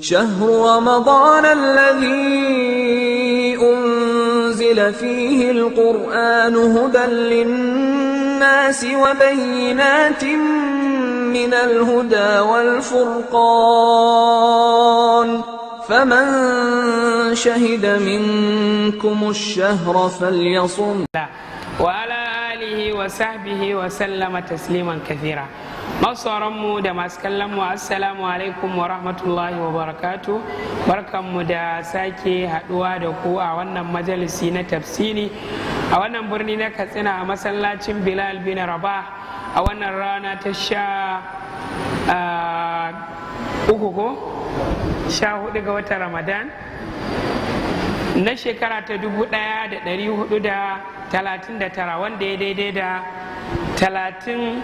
شهر رمضان الذي أنزل فيه القرآن هدى للناس وبينات من الهدى والفرقان فمن شهد منكم الشهر فليصم وعلى آله وصحبه وسلم تسليما كثيرا mu da masu kallon mu assalamu alaikum wa rahmatullahi wa barakatu barkanmu da sake haduwa da ku a wannan majalisi na tafsiri a wannan birni na katsina a masallacin bilal bin Raba a wannan rana ta sha uku ko sha hudu ga watan ramadan na shekara ta dubu daya da dari hudu da talatin da tara wanda ya daidai da talatin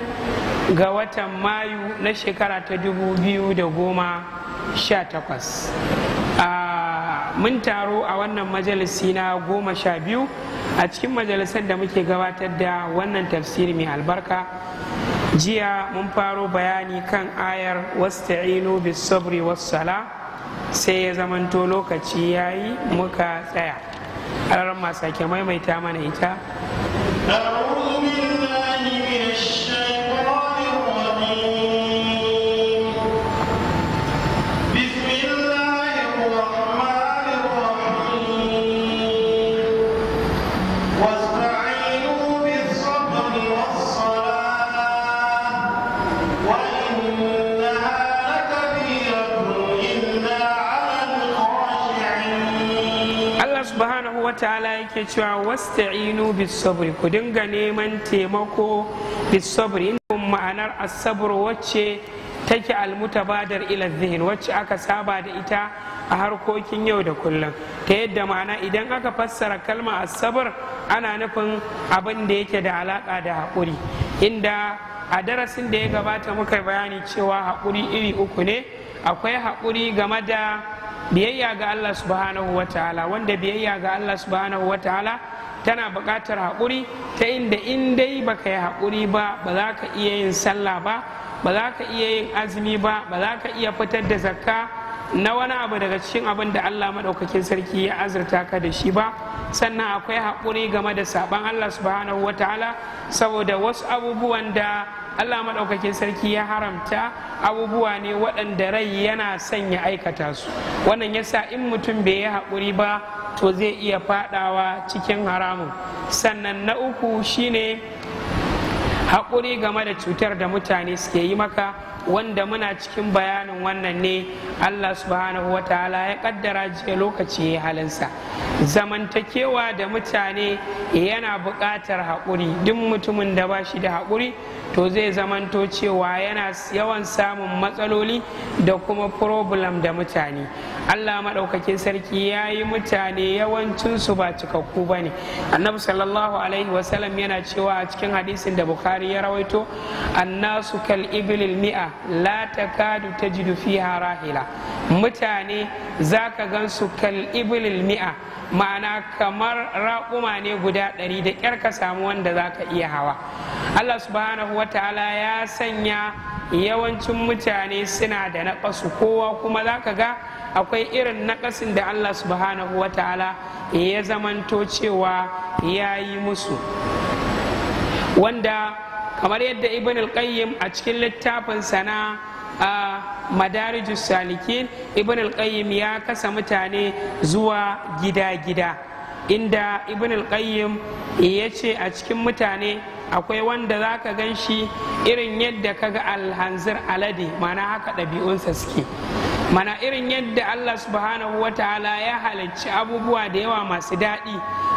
ga watan mayu na shekara ta dubu biyu da goma sha 2018 mun taro a wannan majalisi na goma sha biyu a cikin majalisar da muke gabatar da wannan tafsiri mai albarka jiya mun faro bayani kan ayar wasta'inu bis sabri sala sai ya zamanto lokaci ya yi muka tsaya ƙararren ranar maimaita mana ita ta cewa inu bisabri ku dinga neman taimako bisabri ma'anar asabar wacce take almutabadar ila zihin wacce aka saba da ita a harkokin yau da kullum ta yadda ma'ana idan aka fassara kalma asabar ana nufin abin da yake da alaka da haƙuri inda a darasin da ya gabata muka bayani cewa haƙuri iri uku ne akwai haƙuri game da biyayya ga Allah subhanahu wa ta'ala wanda biyayya ga Allah subhanahu wa ta'ala tana buƙatar haƙuri ta inda in dai baka yi haƙuri ba ba za ka iya yin sallah ba ba za ka iya yin azumi ba ba za ka iya fitar da zakka na wani abu daga cikin abin da Allah maɗaukakin sarki ya azurta ka da shi ba sannan akwai haƙuri game da saɓan Allah subhanahu wa ta'ala saboda wasu abubuwan da Allah maɗaukakin sarki ya haramta abubuwa ne waɗanda rai yana son ya aikata su wannan yasa in mutum bai yi haƙuri ba to zai iya faɗawa cikin haramun sannan na uku shine haƙuri game da cutar da mutane suke yi maka wanda muna cikin bayanin wannan ne allah subhanahu wa ta'ala ya kaddara jiya lokaci ya halinsa zamantakewa da mutane yana buƙatar haƙuri duk mutumin da ba shi da haƙuri to zai zamanto cewa yana yawan samun matsaloli da kuma problem da mutane allah maɗaukakin sarki ya yi mutane yawancinsu ba cikakku ba ne annabi sallallahu alaihi wasallam yana cewa a cikin hadisin da bukari ya rawaito annasu kal ibilil mi'a la takadu tajidu fiha rahila mutane za zaka gansu kal ibilil mi'a ma'ana kamar raƙuma ne guda ɗari da ƙyar ka samu wanda za ka iya hawa Allah subhanahu wa ta'ala ya sanya yawancin mutane suna da naƙasu kowa kuma za ka ga akwai irin naƙasin da Allah subhanahu wa ta'ala ya zamanto cewa ya yi musu wanda kamar yadda ibn al-qayyim a cikin littafin sana a madarijus salikin ibn al-qayyim ya kasa mutane zuwa gida-gida inda ibn al-qayyim ya ce a cikin mutane akwai wanda za ka gan shi irin yadda kaga alhanzir alade mana haka ɗabi'unsa suke mana irin yadda Allah subhanahu wa ta'ala ya halarci abubuwa da yawa masu daɗi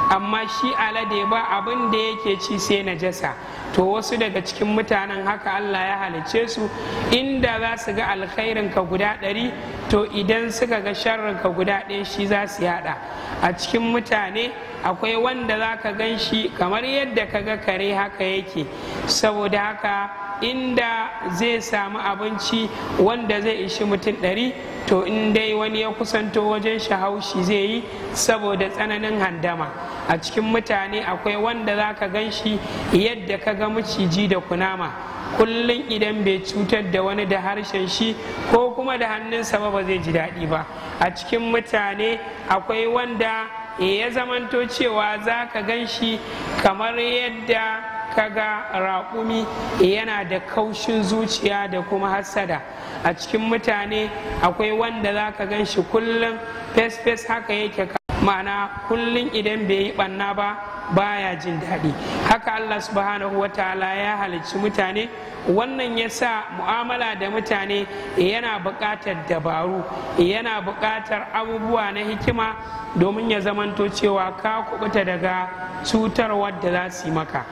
amma shi alade ba abin da yake ci sai na jasa to wasu daga cikin mutanen haka Allah ya halicce su inda za su ga alkhairin ka guda ɗari to idan suka ga sharrin ka guda ɗaya shi za su yada a cikin mutane akwai wanda za ka gan shi kamar yadda ka ga kare haka yake saboda haka inda zai samu abinci wanda zai ishi mutum ɗari to in dai wani ya kusanto wajen shi zai yi saboda tsananin handama a cikin mutane akwai wanda za ka gan shi yadda ka ga maciji da kunama kullum idan bai cutar da wani da harshen shi ko kuma da hannunsa ba zai ji daɗi ba a cikin mutane akwai wanda e ya zamanto cewa za ka gan shi kamar yadda kaga raƙumi eh, yana da kaushin zuciya da kuma hassada a cikin mutane akwai wanda za ka gan shi kullum fes-fes haka yake ma'ana kullum idan bai yi banna ba baya jin daɗi haka allah subhanahu wa ta'ala ya halicci mutane wannan ya sa mu'amala da mutane yana buƙatar dabaru yana buƙatar abubuwa na hikima domin ya zamanto cewa ka kubuta daga cutar wadda za su yi maka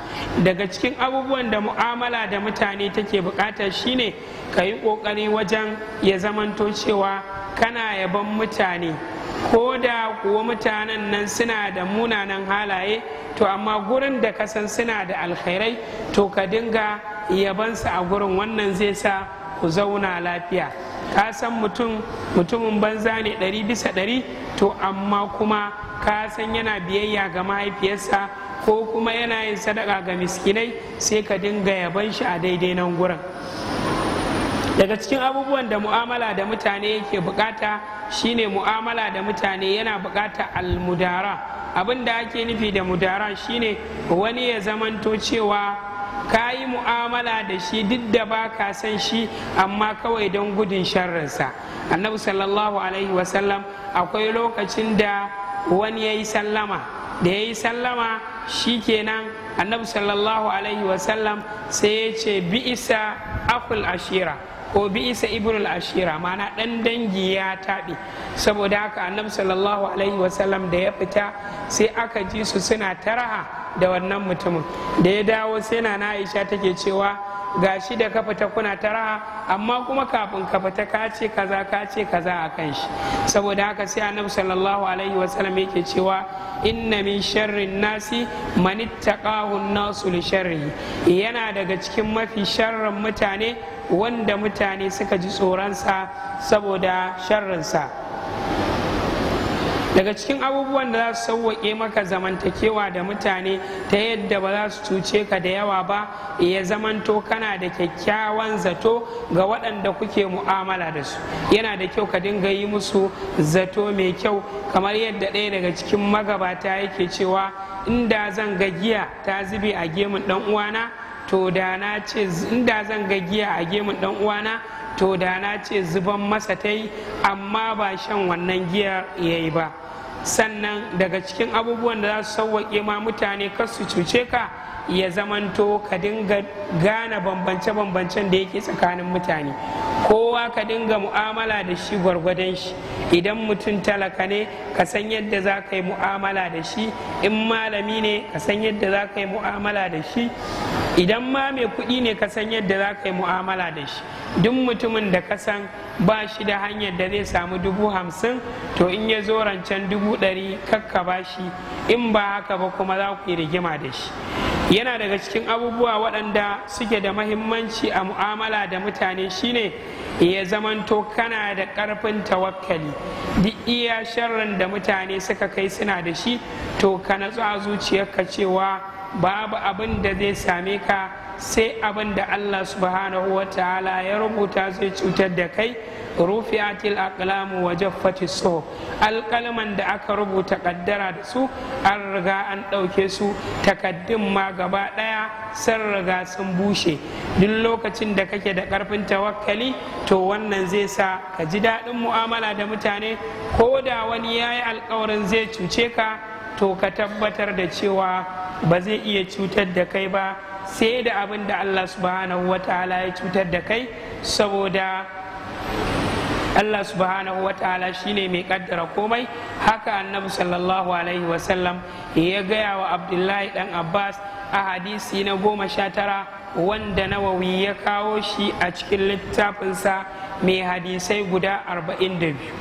daga cikin abubuwan da mu'amala da mutane take buƙatar shine ka yi ƙoƙari wajen ya zamanto cewa kana yaban mutane ko da kuwa mutanen nan suna da munanan halaye to amma gurin da kasan suna da alkhairai to ka dinga yabansa a gurin wannan zai sa ku zauna lafiya ka san mutum mutumin banza ne ɗari bisa ɗari to amma kuma ka san yana biyayya ga mahaifiyarsa ko kuma yana yin sadaka ga miskinai sai ka dinga yaban shi a daidai nan gurin daga cikin abubuwan da mu'amala da mutane yake bukata shine mu'amala da mutane yana bukata almudara abin da ake nufi da mudara shine wani ya zamanto cewa ka yi mu'amala da shi duk da ba ka san shi amma kawai don gudun sharrinsa annabi sallallahu alaihi wasallam akwai lokacin da wani ya yi sallama da ya yi sallama kenan annabi sallallahu alaihi wasallam sai ya ce bi'isa akul ashira obi isa isa al ashira mana dan dangi ya taɓe saboda haka annab sallallahu alaihi wasallam da ya fita sai aka ji su suna taraha da wannan mutumin da ya dawo sai na aisha take cewa gashi da ka fita kuna taraha amma kuma kafin ka fita kace kaza kace kaza a kan shi saboda haka sai annab sallallahu alaihi wasallam yake cewa inna min sharrin nasi man ittaqahu nasu li sharrihi yana daga cikin mafi sharrin mutane wanda mutane mutane suka ji tsoronsa saboda sharrinsa daga cikin abubuwan da za su sauwaƙe maka zamantakewa da mutane ta yadda ba za su cuce ka da yawa ba ya zamanto kana da kyakkyawan zato ga waɗanda kuke mu'amala da su yana da kyau ka dinga yi musu zato mai kyau kamar yadda ɗaya daga cikin magabata yake cewa inda zan ga giya ta zube a gemun ɗan uwana to da na ce inda zan ga giya a gemun dan uwana to da na ce zuban masa ta yi amma ba shan wannan giyar ya yi ba sannan daga cikin abubuwan da za su sauwaƙe ma mutane kar su cuce ka ya zamanto ka dinga gane bambance-bambancen da yake tsakanin mutane kowa ka dinga mu'amala da shi gwargwadon shi idan mutum talaka ne ka san yadda za ka yi mu'amala da shi in malami ne ka san yadda za ka yi mu'amala da shi idan ma mai kuɗi ne ka san yadda za ka yi mu'amala da shi duk mutumin da ka san ba shi da hanyar da zai samu dubu hamsin to in ya zo rancen dubu ɗari kakka ba shi in ba haka ba kuma za ku yi rigima da shi yana daga cikin abubuwa waɗanda suke da mahimmanci a mu'amala da mutane shine ya zamanto kana da ƙarfin tawakkali duk iya sharran da mutane suka kai suna da shi to ka natsu a zuciyarka cewa babu abin da zai same ka sai abin da allah subhanahu wa ta'ala ya rubuta zai cutar da kai rufi'atil aqlamu wa jaffati so alƙalman da aka rubuta kaddara da su an riga an ɗauke su takaddun ma gaba ɗaya sun riga sun bushe duk lokacin da kake da ƙarfin tawakkali to wannan zai sa ka ji daɗin mu'amala da mutane ko da wani yayi yi alƙawarin zai cuce ka to ka tabbatar da cewa ba zai iya cutar da kai ba sai da abin da allah subhanahu wataala ya cutar da kai saboda Allah subhanahu wa ta'ala shi ne mai kaddara komai haka annabi sallallahu alaihi wasallam ya gaya wa abdullahi dan abbas a hadisi na goma sha tara wanda nawawi ya kawo shi a cikin littafinsa mai hadisai guda arba'in da biyu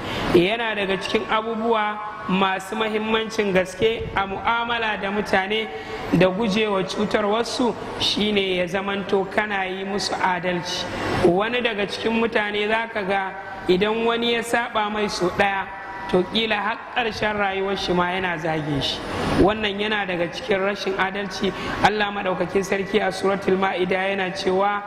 yana daga cikin abubuwa masu mahimmancin gaske a mu'amala da mutane da gujewa cutar wasu shine ya zamanto kana yi musu adalci wani daga cikin mutane za ka ga idan wani ya saba mai so ɗaya to kila har ƙarshen rayuwar shi ma yana zage shi wannan yana daga cikin rashin adalci allah maɗaukakin sarki a suratul ma'ida yana cewa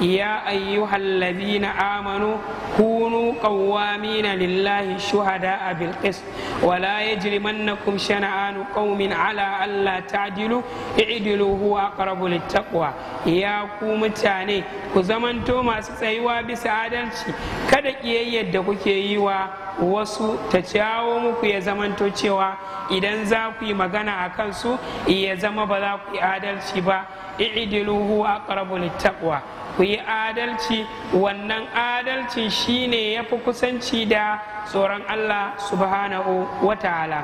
ya ayyuhallazina amanu kunu qawwamina lillahi shuhada a qist wa la yajrimannakum shana'anu qaumin ala alla ta'dilu i'dilu huwa aqrabu littaqwa ya ku mutane ku zamanto masu tsayuwa bisa adalci kada kiyayyar da kuke yi wa wasu ta jawo muku ya zamanto cewa idan za ku yi magana a kansu ya zama ba za ku yi adalci ba i'diluhu aqrabu littaqwa ku yi adalci wannan adalcin shine fi kusanci da tsoron Allah subhanahu ta'ala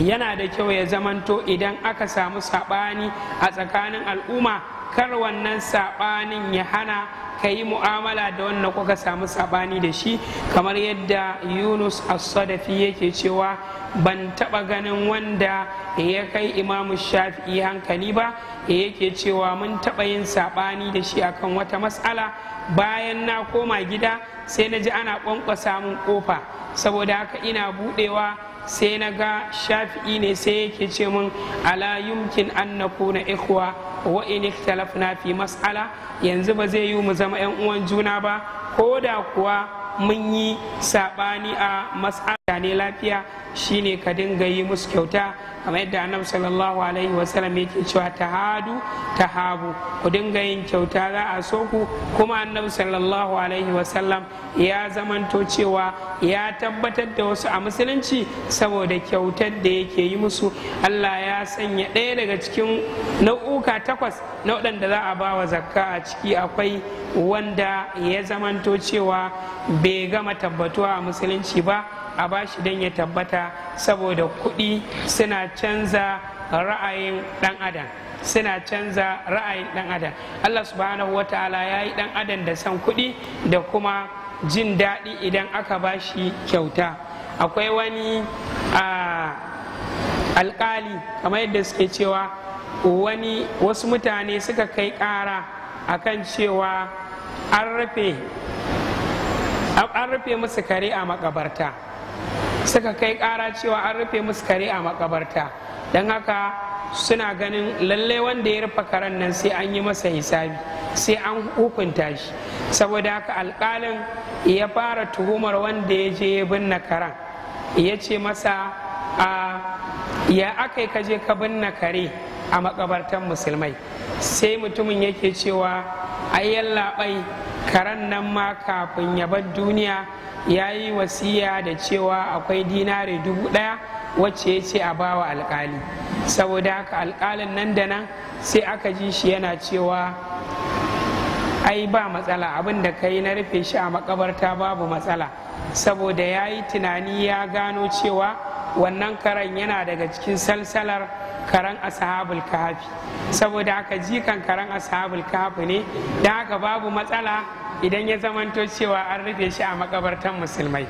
yana da kyau ya zamanto idan aka samu saɓani a tsakanin al'umma kar wannan saɓanin ya hana ka yi mu'amala da wannan kuka samu saɓani da shi kamar yadda yunus as-sadafi yake cewa ban taɓa ganin wanda ya kai imamu shafi'i hankali ba yake cewa mun taɓa yin saɓani da shi akan wata matsala bayan na koma gida sai na ji ana kwankwasa mun ƙofa saboda haka ina buɗewa sai na ga shafi'i ne sai yake ce min ala yumkin an na kuna ikuwa wa in ikhtalafna fi mas'ala yanzu ba zai yi mu zama yan uwan juna ba ko da kuwa mun yi saɓani a mas'ala ne lafiya shine ka dinga yi musu kyauta kama yadda annabi sallallahu alaihi wasallam yake cewa tahadu tahabu ku dinga yin kyauta za a so ku kuma annabi sallallahu alaihi wasallam ya zamanto cewa ya tabbatar da wasu a musulunci saboda kyautar da yake yi musu Allah ya sanya ɗaya daga cikin nau'uka takwas na waɗanda za a ba wa zakka a ciki akwai wanda ya zamanto cewa bai gama tabbatuwa a musulunci ba a bashi don ya tabbata saboda kuɗi suna canza ra'ayin ɗan adam suna canza ra'ayin ɗan adam allah subhanahu wa ta'ala ya yi ɗan adam da san kuɗi da kuma jin daɗi idan aka ba shi kyauta akwai wani alƙali kamar yadda suke cewa wani wasu mutane suka kai ƙara a kan cewa an rufe musu kare a makabarta suka kai kara cewa an rufe musu kare a makabarta don haka suna ganin lalle wanda ya rufe karen nan sai an yi masa hisabi sai an hukunta shi saboda haka alkalin ya fara tuhumar wanda ya je ya binne karen ya ce masa a ya aka ka je ka binne kare a makabartan musulmai sai mutumin yake cewa ai labai. karan nan ma kafin ya bar duniya ya yi wasiya da cewa akwai dinare dubu ɗaya wacce ya ce a bawa alkali saboda haka alkalin nan da nan sai aka ji shi yana cewa ai ba matsala abin da ka yi na rufe shi a makabarta babu matsala saboda ya yi tunani ya gano cewa wannan karan yana daga cikin salsalar karan ashabul kafi saboda haka jikan karan ashabul kafi ne da haka babu matsala idan ya zamanto cewa an rufe shi a makabartan musulmai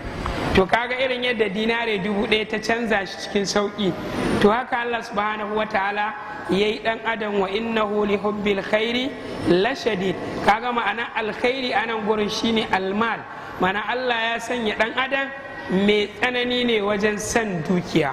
to kaga irin yadda dinare dubu ɗaya ta canza shi cikin sauƙi to haka Allah subhanahu wa ta'ala ya yi ɗan adam wa inna huli hubbil khairi lashadid kaga ma'ana alkhairi a nan gurin shine almal mana Allah ya sanya ɗan adam mai tsanani ne wajen san dukiya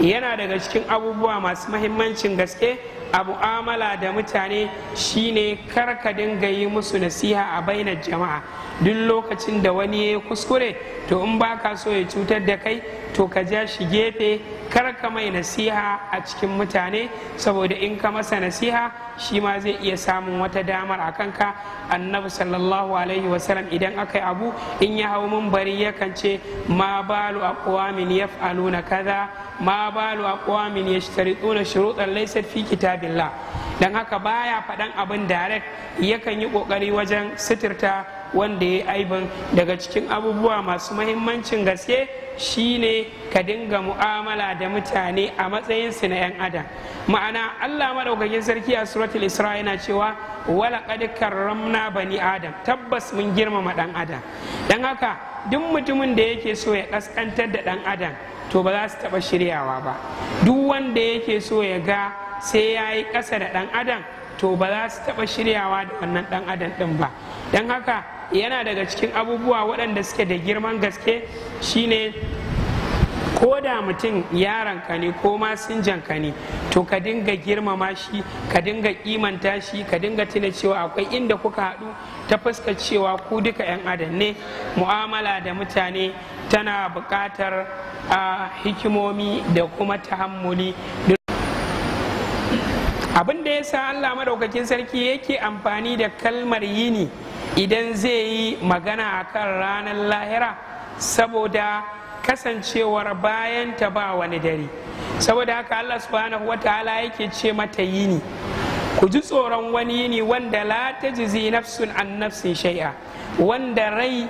yana daga cikin abubuwa masu mahimmancin gaske a mu'amala da mutane shine kar ka dinga yi musu nasiha a bainar jama'a duk lokacin da wani ya kuskure to in ba ka so ya cutar da kai to ka ja shi gefe kar ka mai nasiha a cikin mutane saboda in ka masa nasiha shi ma zai iya samun wata damar a kanka annabi sallallahu alaihi wasallam idan aka yi abu in ya hau bari yakan ce ma balu aqwamin yaf'aluna kaza ma balu aqwamin yashtarituna shurutan laysat fi kitabillah dan haka baya faɗan abin direct yakan yi ƙoƙari wajen sitirta wanda ya yi aibin daga cikin abubuwa masu mahimmancin gaske shine ka dinga mu'amala da mutane a matsayinsu na 'yan adam ma'ana allah maɗaukakin sarki a suratul isra yana cewa wala ramna bani adam tabbas mun girmama ɗan adam don haka duk mutumin da yake so ya ƙasƙantar da ɗan adam to ba za su taɓa shiryawa ba duk wanda yake so ya ga sai ya yi ƙasa da ɗan adam to ba za su taɓa shiryawa da wannan ɗan adam ɗin ba don haka yana daga cikin abubuwa waɗanda suke da girman gaske shine ko da mutum ka ne ko ma sinjanka ne to ka dinga girmama shi ka dinga kimanta shi ka dinga tuna cewa akwai inda kuka haɗu ta fuska cewa ku duka 'yan adam ne mu'amala da mutane tana buƙatar a hikimomi da kuma tahammuli abin da ya sa allah madaukakin sarki yake amfani da kalmar yini idan zai yi magana a kan ranar lahira saboda kasancewar bayan ta ba wani dare saboda haka Allah subhanahu ta'ala yake ce mata yini ku ji tsoron wani yini wanda la ta nafsun an nafsin shai'a wanda rai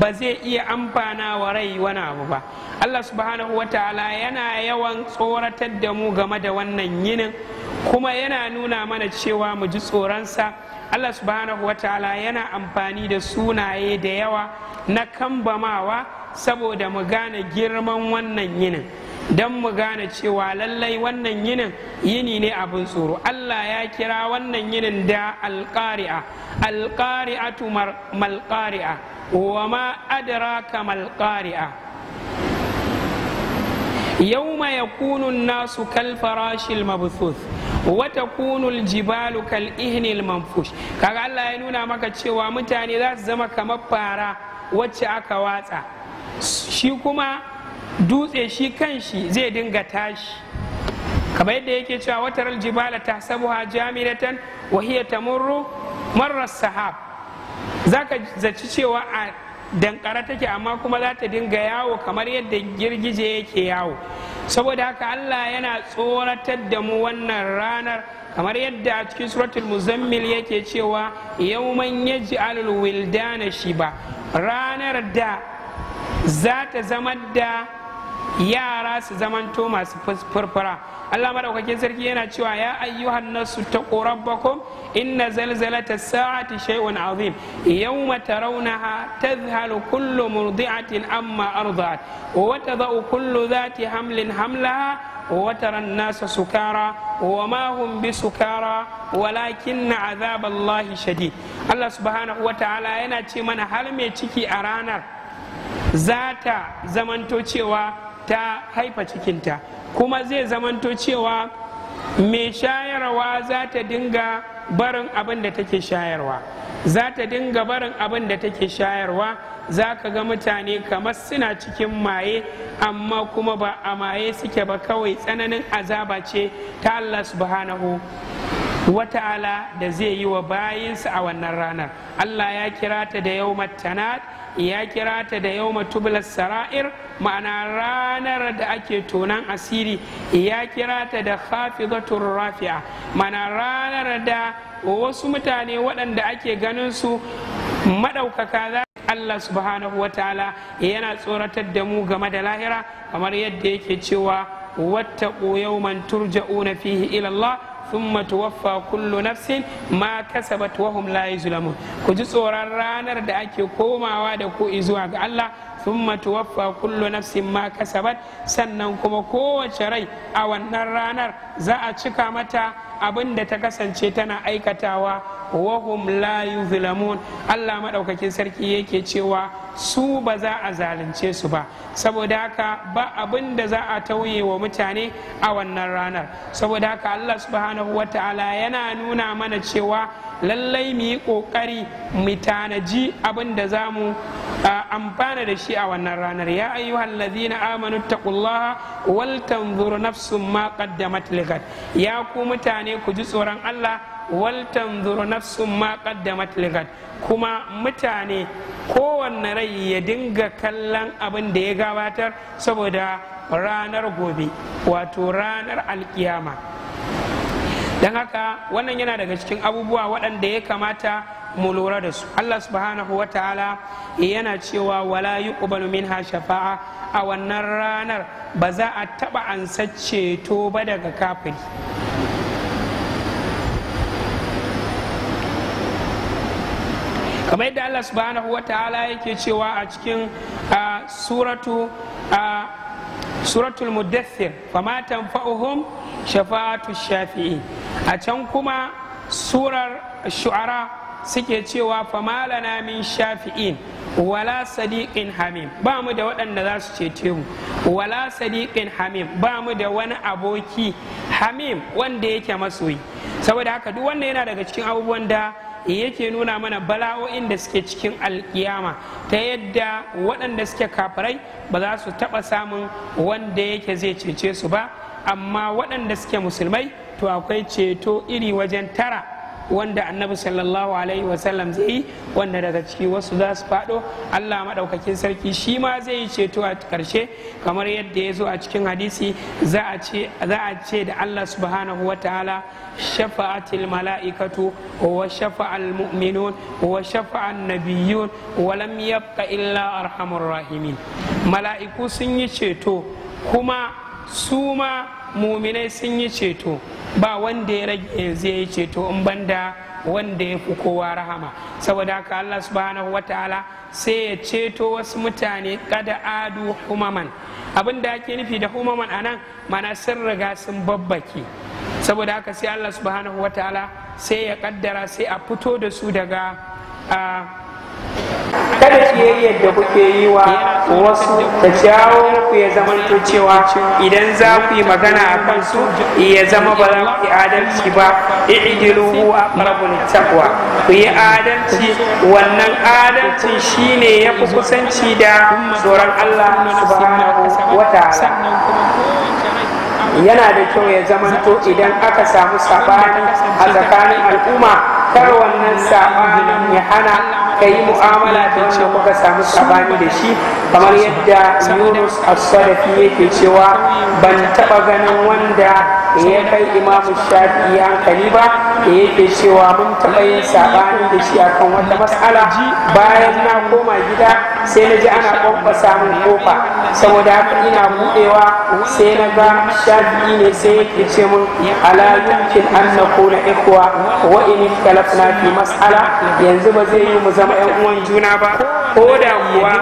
ba zai iya amfana wa rai wani abu ba Allah subhanahu ta'ala yana yawan tsoratar da mu game da wannan yinin kuma yana nuna mana cewa mu ji tsoronsa allah subhanahu wataala yana amfani da sunaye da yawa na kambamawa saboda mu gane girman wannan yinin don mu gane cewa lallai wannan yinin yini ne abin tsoro allah ya kira wannan yinin da alƙari'a alƙari'atu malƙari'a wa ma adraka malƙari'a yau ma ya kunun nasu kalfarashil mabuthuth wata kunul jibalu kal ihnil manfush kaga Allah ya nuna maka cewa mutane za su zama kamar fara wacce aka watsa shi kuma dutse shi kanshi zai dinga tashi Kaba yadda yake cewa watar jibala ta sabuha jamidatan wa hiya tamurru marar sahab zaka zaci cewa a dankara take amma kuma za ta dinga yawo kamar yadda girgije yake yawo saboda haka allah yana tsoratar da mu wannan ranar kamar yadda a cikin suratul muzammil yake cewa yauman yaji alul wildana shi ba ranar da za ta zama da yara su zamanto masu furfura Allah madaukakin sarki yana cewa ya ayyuhan nasu ta rabbakum inna zalzalata sa'ati shay'un azim yawma tarawnaha tadhhalu kullu murdi'atin amma arda'at wa tadau kullu dhati hamlin hamlaha وترى sukara سكارى وما walakin na ولكن عذاب الله Allah الله سبحانه ta'ala yana ce mana har mai ciki a ranar zata zamanto cewa ta haifa cikinta kuma zai zamanto cewa mai shayarwa za ta dinga barin abin da take shayarwa za ta dinga barin abin da take shayarwa za ka ga mutane kamar suna cikin maye amma kuma ba a maye suke ba kawai tsananin azaba ce ta Allah subhanahu wata'ala da zai yi wa bayinsa a wannan ranar Allah ya kira ta da yau matanat ya kira ta da yau matubula sara'ir ma'ana ranar da ake tonan asiri ya kira ta da hafizatur rafi'a ma'ana ranar da wasu mutane waɗanda ake ganin su maɗaukaka za Allah subhanahu wa ta'ala yana tsoratar da mu game da lahira kamar yadda yake cewa wata yawman turja'una fihi ilallah thumma waffa kullu nafsin ma kasabat wa hum la yuzlamun ku ji tsoron ranar da ake komawa da ku zuwa ga Allah thumma waffa kullu nafsin ma kasabat sannan kuma kowace rai a wannan ranar za a cika mata abin da ta kasance tana aikatawa wahum la yuzlamun Allah maɗaukakin sarki yake cewa su ba za a zalunce su ba saboda haka ba abin da za a tauye wa mutane a wannan ranar saboda haka Allah subhanahu ta'ala yana nuna mana cewa lallai mu yi ƙoƙari mu tanaji abin da za mu amfana da shi a wannan ranar ya ayyuhal ladina amanu taqullaha wal tanzur nafsum ma qaddamat ligad ya ku mutane mutane ku ji tsoron Allah wal tanzuru nafsun ma kaddamat lighat kuma mutane kowanne rai ya dinga kallon abin da ya gabatar saboda ranar gobe wato ranar alkiyama don haka wannan yana daga cikin abubuwa waɗanda ya kamata mu lura da su Allah subhanahu wa ta'ala yana cewa wala yuqbalu minha shafa'a a wannan ranar ba za a taɓa ansa ceto ba daga kafiri kamar yadda Allah subhanahu wa ta'ala yake cewa a cikin a suratul muddathir fama tanfa'uhum shafa'atu shafi'i a can kuma surar shu'ara suke cewa lana min shafi'in wala sadiqin hamim ba mu da waɗanda za su cece mu wala sadiqin hamim ba mu da wani aboki hamim wanda yake masoyi saboda haka duk wanda yana daga cikin abubuwan da Eh, yake nuna mana bala'o'in da suke cikin alkiyama ta yadda waɗanda suke kafirai ba za su taɓa samun wanda yake zai cece su ba amma waɗanda suke musulmai to akwai ceto iri wajen tara wanda annabi sallallahu alaihi wasallam zai yi wanda daga ciki wasu za su faɗo allah maɗaukakin sarki shi ma zai yi ceto a ƙarshe kamar yadda ya zo a cikin hadisi za a ce da allah subhanahu wa ta'ala shafa'atil mala'ikatu wa shafa'al mu'minun wa shafa'an nabiyyun wa lam yabqa illa arhamur rahimin mala'iku sun yi ceto kuma su ma muminai sun yi ceto ba wanda ya rage yanzu ya yi ceto in banda wanda ya fi kowa rahama saboda haka Allah subhanahu ta'ala sai ya ceto wasu mutane kada adu humaman abin da ake nufi da humaman a nan mana sun riga sun babbaki saboda haka sai Allah subhanahu ta'ala sai ya kaddara sai a fito da su daga ah, kada yi yadda kuke yi wa wasu da jawo ku ya zamanto cewa idan za ku yi magana a kansu ya zama ba za ku yi adalci ba i'dilu huwa aqrabu littaqwa ku yi adalci wannan ne shine fi kusanci da tsoron Allah subhanahu wa yana da kyau ya zamanto idan aka samu sabani a tsakanin al'umma kar wannan sabanin ya hana ka yi mu'amala ta ce kuka samu sabani da shi kamar yadda yunus as-sadafi yake cewa ban taba ganin wanda ya kai imamu shafi'i hankali ba da yake cewa mun taba yin sabani da shi akan wata mas'ala bayan na koma gida sai na ji ana kwankwasa min kofa saboda haka ina buɗewa sai na ga shafi ne sai yake ce min ala yankin an na kona ikuwa wa in fi mas'ala yanzu ba zai yi mu zama yan uwan juna ba ko da kuwa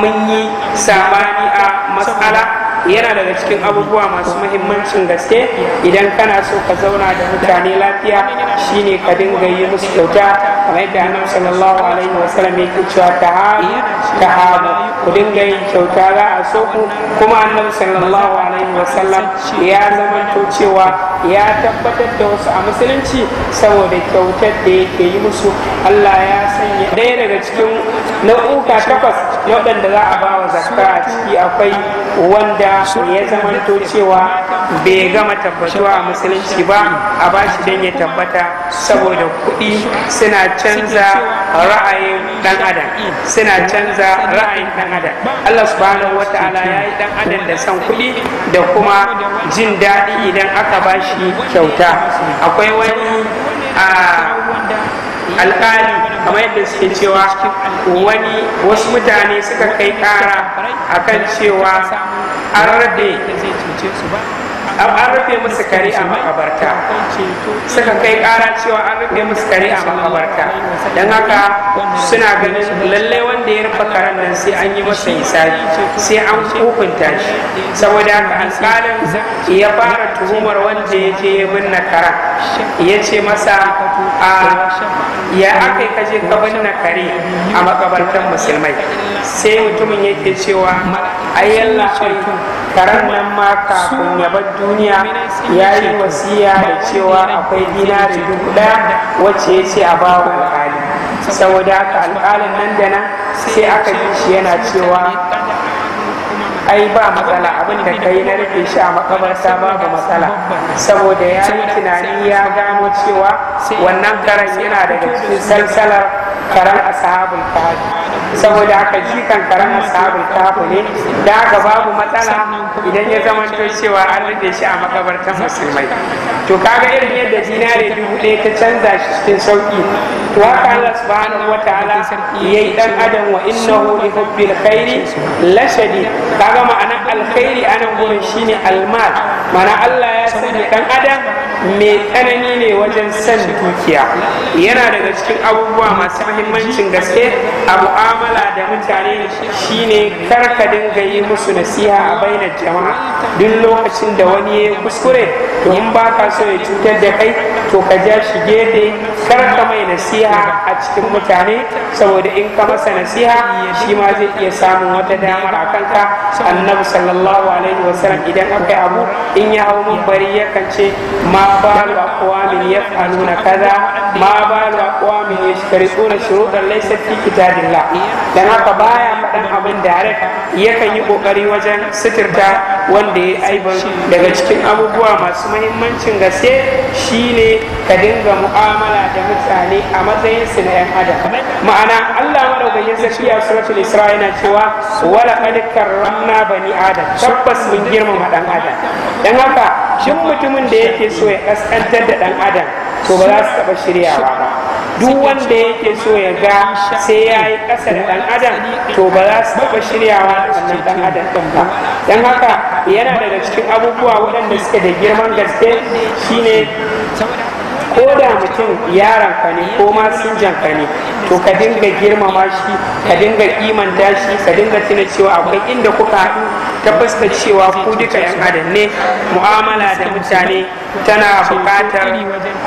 mun yi samani a mas'ala yana daga cikin abubuwa masu mahimmancin gaske idan kana so ka zauna da mutane lafiya shine ka dinga yi musu kyauta kamar yadda annabi sallallahu alaihi wa sallam yake cewa ta tahabu ku dinga yin kyauta za a so ku kuma annabi sallallahu alaihi wa sallam ya to cewa ya tabbatar da wasu a musulunci saboda kyautar da yake yi musu Allah ya sanya ɗaya daga cikin nau'uka takwas waɗanda za a bawa zakka a ciki akwai wanda ya zamanto cewa bai gama tabbatuwa a musulunci ba a bashi don ya tabbata saboda kuɗi suna canza ra'ayin ɗan adam suna canza ra'ayin ɗan adam Allah subhanahu wa ta'ala ya yi ɗan adam da son kuɗi da kuma jin daɗi idan aka ba shi kyauta akwai wani a alƙali kamar yadda suke cewa wani wasu mutane suka kai ƙara akan cewa an rade an rufe musu kare a makabarta suka kai kara cewa an rufe musu kare a makabarta don haka suna ganin lalle wanda ya rufe karen nan sai an yi masa hisabi sai an hukunta shi saboda haka alƙalin ya fara tuhumar wanda ya je ya binne kara ya ce masa a ya aka yi kaje ka binna kare a makabartan musulmai sai mutumin yake cewa ayyalla karen nan ma kafin ya bar duniya ya yi wasiya da cewa akwai da dubu ɗaya wacce ya ce a bawa alƙali saboda haka alƙalin nan da nan sai aka ji shi yana cewa ai ba matsala abin da yi na rufe shi a makabarta babu matsala saboda ya yi tunani ya gano cewa wannan karan yana daga cikin salsalar karen sahabin kari. saboda haka shi kan karan sabon kafu ne da haka babu matsala idan ya zama to cewa an rage shi a makabartan musulmai to kaga irin yadda dinare dubu ɗaya ta canza shi cikin sauki to haka Allah subhanahu wa ta'ala yayi ɗan adam wa innahu li hubbil khairi la shadid kaga ma'ana alkhairi anan gurin shine almal mana Allah ya sanya ɗan adam mai tsanani ne wajen san dukiya yana daga cikin abubuwa masu mahimmancin gaske a mu'amala da mutane shi shine karka dinga yi musu nasiha a bainar jama'a duk lokacin da wani ya kuskure in ba ka so ya cutar da kai to ka ja shi gefe kar ka mai nasiha a cikin mutane saboda in ka masa nasiha shi ma zai iya samun wata damar a kanka annabi sallallahu alaihi wa sallam idan akai abu in ya hau bari yakan ce ma ba lu aqwamin yaf'aluna kaza ma ba lu aqwamin yashtarikuna shurutan laysa fi kitabillah dan haka baya faɗan abin da ya yakan yi kokari wajen sitirta wanda ya aibar daga cikin abubuwa masu muhimmancin gaske shine ka dinga mu'amala da mutane a matsayin su na 'yan adam ma'ana Allah madaukakin sarki a suratul Isra yana cewa wala qad ramna bani adam tabbas mun girmama dan adam dan haka shin mutumin da yake so ya kaskantar da dan adam to ba za su taba shiryawa ba duk wanda yake so ya ga sai ya yi ƙasar ɗan adam to ba za su taɓa shiryawa da wannan ɗan adam ɗin ba don haka yana daga cikin abubuwa waɗanda suke da girman gaske shine ko da mutum yaran ka ne ko ma jan ka ne to ka dinga girmama shi ka dinga imanta shi ka dinga tuna cewa akwai inda kuka haɗu ta fuska cewa ku duka yan adam ne mu'amala da mutane tana buƙatar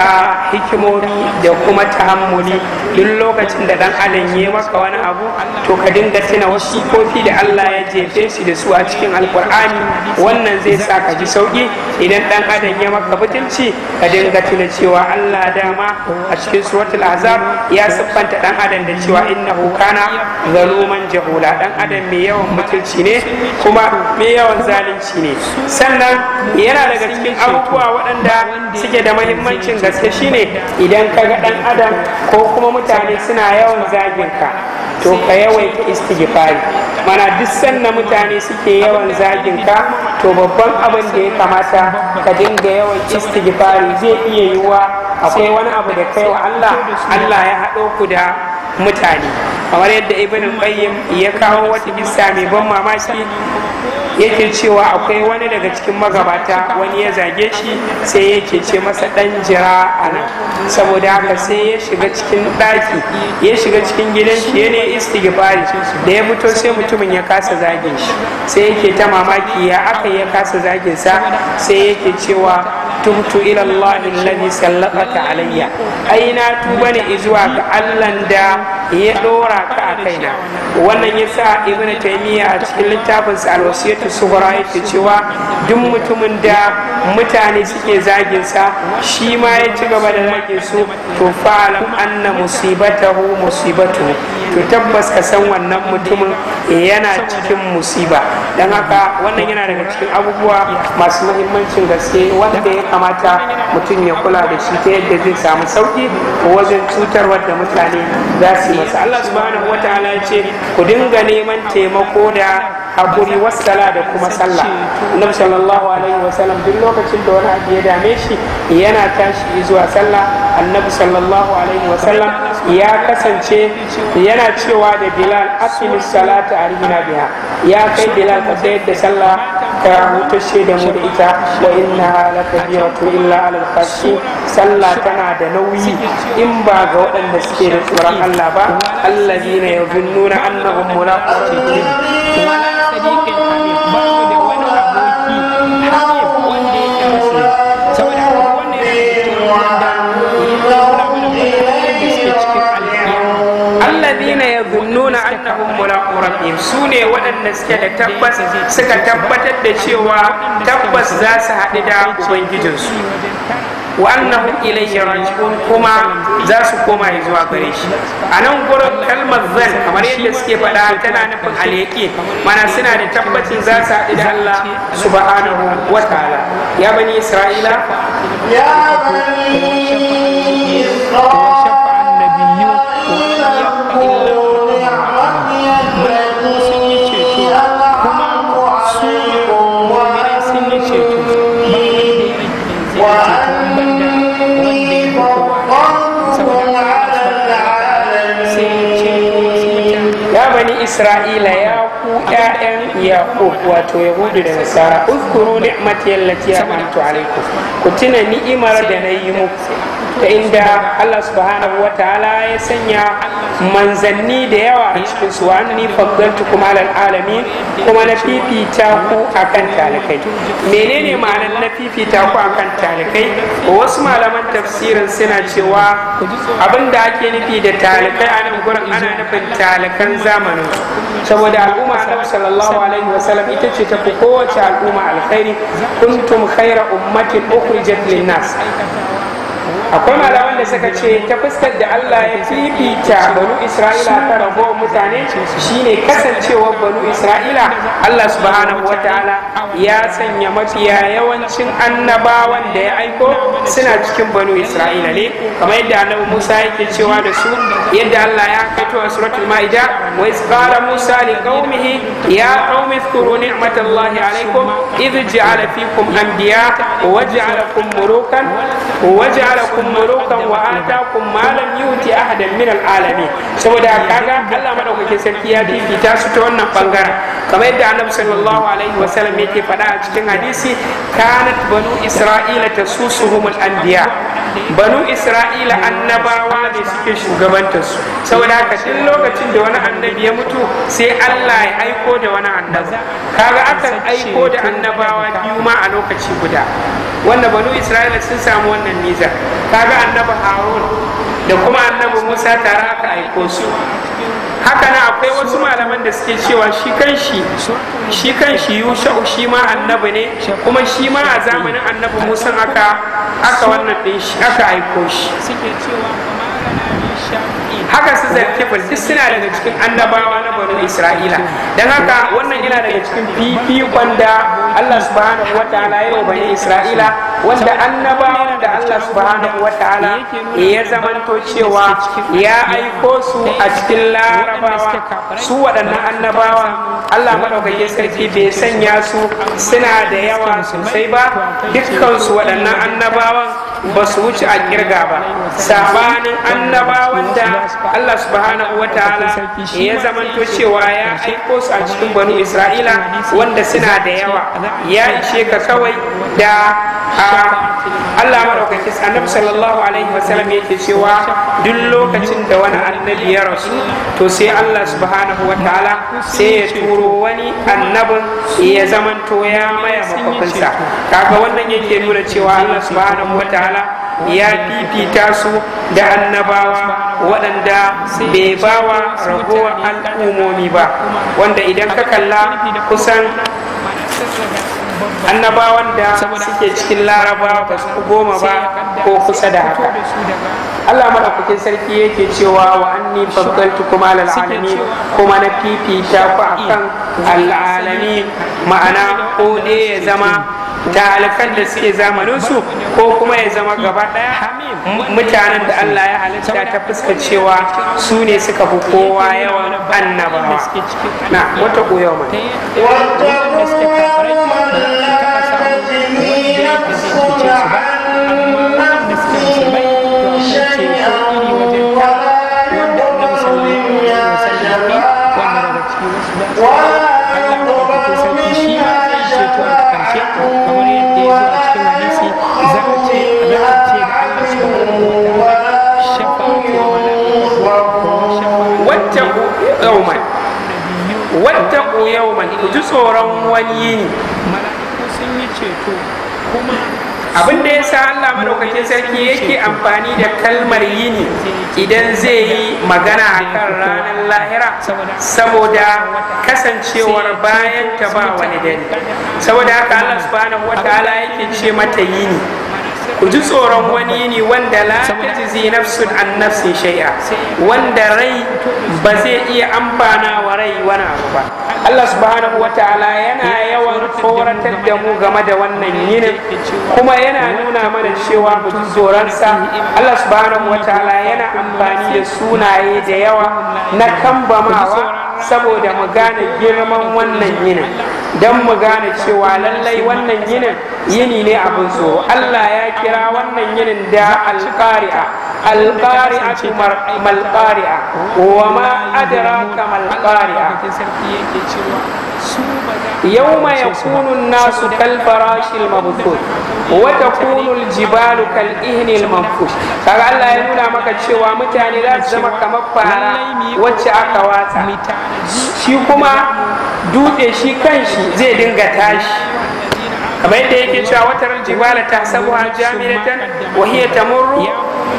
a hikimomi da kuma tahammuli duk lokacin da dan adam ya maka wani abu to ka dinga tuna wasu kofi da Allah ya jefe shi da su a cikin alkur'ani wannan zai sa ka ji sauki idan dan adam ya maka mutunci ka dinga tuna cewa Allah dama a cikin suwatul azab ya siffanta dan adam da cewa innahu kana zaluman jahula dan adam mai yawan mutunci ne kuma mai yawan zalunci ne sannan yana daga cikin abubuwa waɗanda suke da mahimmancin gaske shine idan kaga ga dan adam ko kuma mutane suna yawan zagin ka to ka yawai yawaita istighfari mana duk sanna mutane suke yawan zagin ka to babban abin da ya kamata ka dinga yawan istighfari zai iya yiwuwa akwai wani abu da kai wa Allah Allah ya haɗo ku da mutane kamar yadda ibn qayyim ya kawo wata kissa mai ban mamaki yake cewa akwai wani daga cikin magabata wani ya zage shi sai yake ce masa dan jira a nan saboda haka sai ya shiga cikin ɗaki ya shiga cikin gidan shi ya ne istighfari da ya fito sai mutumin ya kasa zage shi sai yake ta mamaki ya aka ya kasa zagin sa sai yake cewa tubtu ila Allah alladhi sallaka alayya ai na tuba ne zuwa ga Allah da ya dora ka a kaina wannan ya sa ibn taymiya a cikin littafin sa alwasiyatu sughra yake cewa duk mutumin da mutane suke zagin sa shi ma ya ci gaba da zagin su to fa'alam anna musibatahu musibatu to tabbas ka san wannan mutumin eh, yana cikin musiba dan haka wannan yana daga cikin abubuwa masu muhimmancin gaske wanda ya kamata mutum ya kula da shi ta yadda zai samu sauki wajen cutarwa da mutane za su masa Allah subhanahu wa ta'ala ce ku dinga neman taimako da hakuri wasala da kuma sallah annabi sallallahu alaihi wa sallam duk lokacin da wani abu ya dame shi yana tashi zuwa sallah annabi sallallahu alaihi wa sallam ya kasance yana cewa da bilal asli salata arina biha ya kai bilal ka sayar da sallah ka fitashe da mu da ita wa inna la kabiratu illa ala al sallah tana da nauyi in ba ga waɗanda suke da tsoron Allah ba allazina yazunnuna annahum mulaqatu rabbihim wa la sadiqin yin su ne waɗanda suke da tabbas suka tabbatar da cewa tabbas za su haɗu da ubangijinsu wa'annahum ilayhi raji'un kuma za su koma zuwa gare shi a nan gurin kalmar zan kamar yadda suke faɗa tana nufin alyaqin mana suna da tabbacin za su haɗu da Allah subhanahu wa ta'ala ya bani isra'ila ya bani isra'ila isra'ila ya ku ƴaƴan yaqub wato yahudu da nasara uzkuru ni'mati allati an'amtu alaikum ku tuna ni'imar da na yi muku ta inda Allah subhanahu wa ta'ala ya sanya manzanni da yawa a cikin su wa annani faddaltu kuma alal kuma na fifita ku akan talikai menene ma'anar na fifita ku akan talikai wasu malaman tafsirin suna cewa abin da ake nufi da talikai a nan gurin ana nufin talikan zamanin saboda al'umma annabi sallallahu alaihi sallam ita ce ta kowace al'umma alkhairi kuntum khaira ummatin ukhrijat lin akwai malaman da suka ce ta fuskar da Allah ya fifita banu Isra'ila ta ragowar mutane shine kasancewar banu Isra'ila Allah subhanahu ta'ala ya sanya mafiya yawancin annabawan da ya aiko suna cikin banu Isra'ila ne kamar yadda annabi Musa yake cewa da su yadda Allah ya kaito a suratul Ma'ida wa isqala Musa li qaumihi ya qaumi اذكروا alaykum idh ja'ala fikum anbiya wa ja'alakum وجعلكم wa ja'alakum atakum mulukan wa atakum ma lam yuti ahadan min alamin saboda kaga Allah madaukakin sarki ya fita su ta wannan bangaren kamar yadda annabi sallallahu alaihi wa sallam yake faɗa a cikin hadisi kanat banu isra'ila tasusuhumul anbiya banu isra'ila annabawa ne suke shugabantarsu saboda haka duk lokacin da wani annabi ya mutu sai allah ya aiko da wani annabi kaga akan aiko da annabawa biyu ma a lokaci guda wanda banu isra'ila sun samu wannan niza kaga annabi harun da kuma annabi musa tare aka aiko su haka na akwai wasu malaman da suke cewa shi kanshi shi kanshi yusha'u shi ma annabi ne kuma shi ma a zamanin annabi musa aka aka wannan din shi aka aiko shi haka su zarkefal duk suna daga cikin annabawa na banu isra'ila don haka wannan yana daga cikin fifikon da Allah subhanahu ta'ala ya yi bani Isra'ila wanda annabawan da Allah subhanahu ta'ala ya zamanto cewa ya aiko su a cikin larabawa su waɗannan annabawa Allah madaukakin sarki bai sanya su suna da yawa sosai ba dukkan su waɗannan annabawan ba su wuce a kirga ba sabanin annabawan da Allah subhanahu wa ta'ala ya zamanto cewa ya aiko su a cikin banu Isra'ila wanda suna da yawa ya ishe ka kawai da Allah maɗaukaki annabi sallallahu alaihi wasallam yake cewa duk lokacin da wani annabi ya rasu to sai Allah subhanahu wa ta'ala sai ya turo wani annabin ya zamanto ya maya makwafinsa kaga wannan yake nuna cewa Allah subhanahu wa ta'ala ya fifita su da annabawa waɗanda bai bawa ragowar al'ummomi ba wanda idan ka kalla kusan 中継で annabawan da suke cikin laraba ba su goma ba ko kusa da haka Allah maɗaukakin sarki yake cewa wa anni faddaltu kuma alal alamin kuma na fifita ku akan al'alami ma'ana ko dai ya zama ta alifar da suke zamanin su ko kuma ya zama gaba daya mutanen da Allah ya halitta ta fuska cewa su ne suka fi kowa yawan annabawa na wata koyo mai Wow. wattaqu yawman ku ji tsoron wani yini mala'iku sun yi ceto kuma abin da yasa Allah madaukake sarki yake amfani da kalmar yini idan zai yi magana akan ranar lahira saboda kasancewar bayan ta ba wani dare saboda haka Allah subhanahu wataala yake ce mata yini ku tsoron wani yini wanda lafi tajzi nafsun an nafsi shai'a wanda rai ba zai iya amfana wa rai wani abu ba Allah subhanahu wa ta'ala yana yawan tsoratar da mu game da wannan yinin kuma yana nuna mana cewa mu ji tsoransa Allah subhanahu wa ta'ala yana amfani da sunaye da yawa na kambamawa saboda mu gane girman wannan yinin don mu gane cewa lallai wannan yinin yini ne abin tsoro Allah ya kira wannan yinin da alƙari'a alqari'atu mal qari'a wa ma adraka mal qari'a يوم يكون الناس كالفراش المبثوث وتكون الجبال كالإهن المنفوش kaga Allah ya nuna maka cewa mutane za su zama kamar fara wacce aka wata shi kuma dutse shi kanshi zai dinga tashi kamar yadda yake cewa wataral jibala tahsabuha jamilatan wa hiya tamurru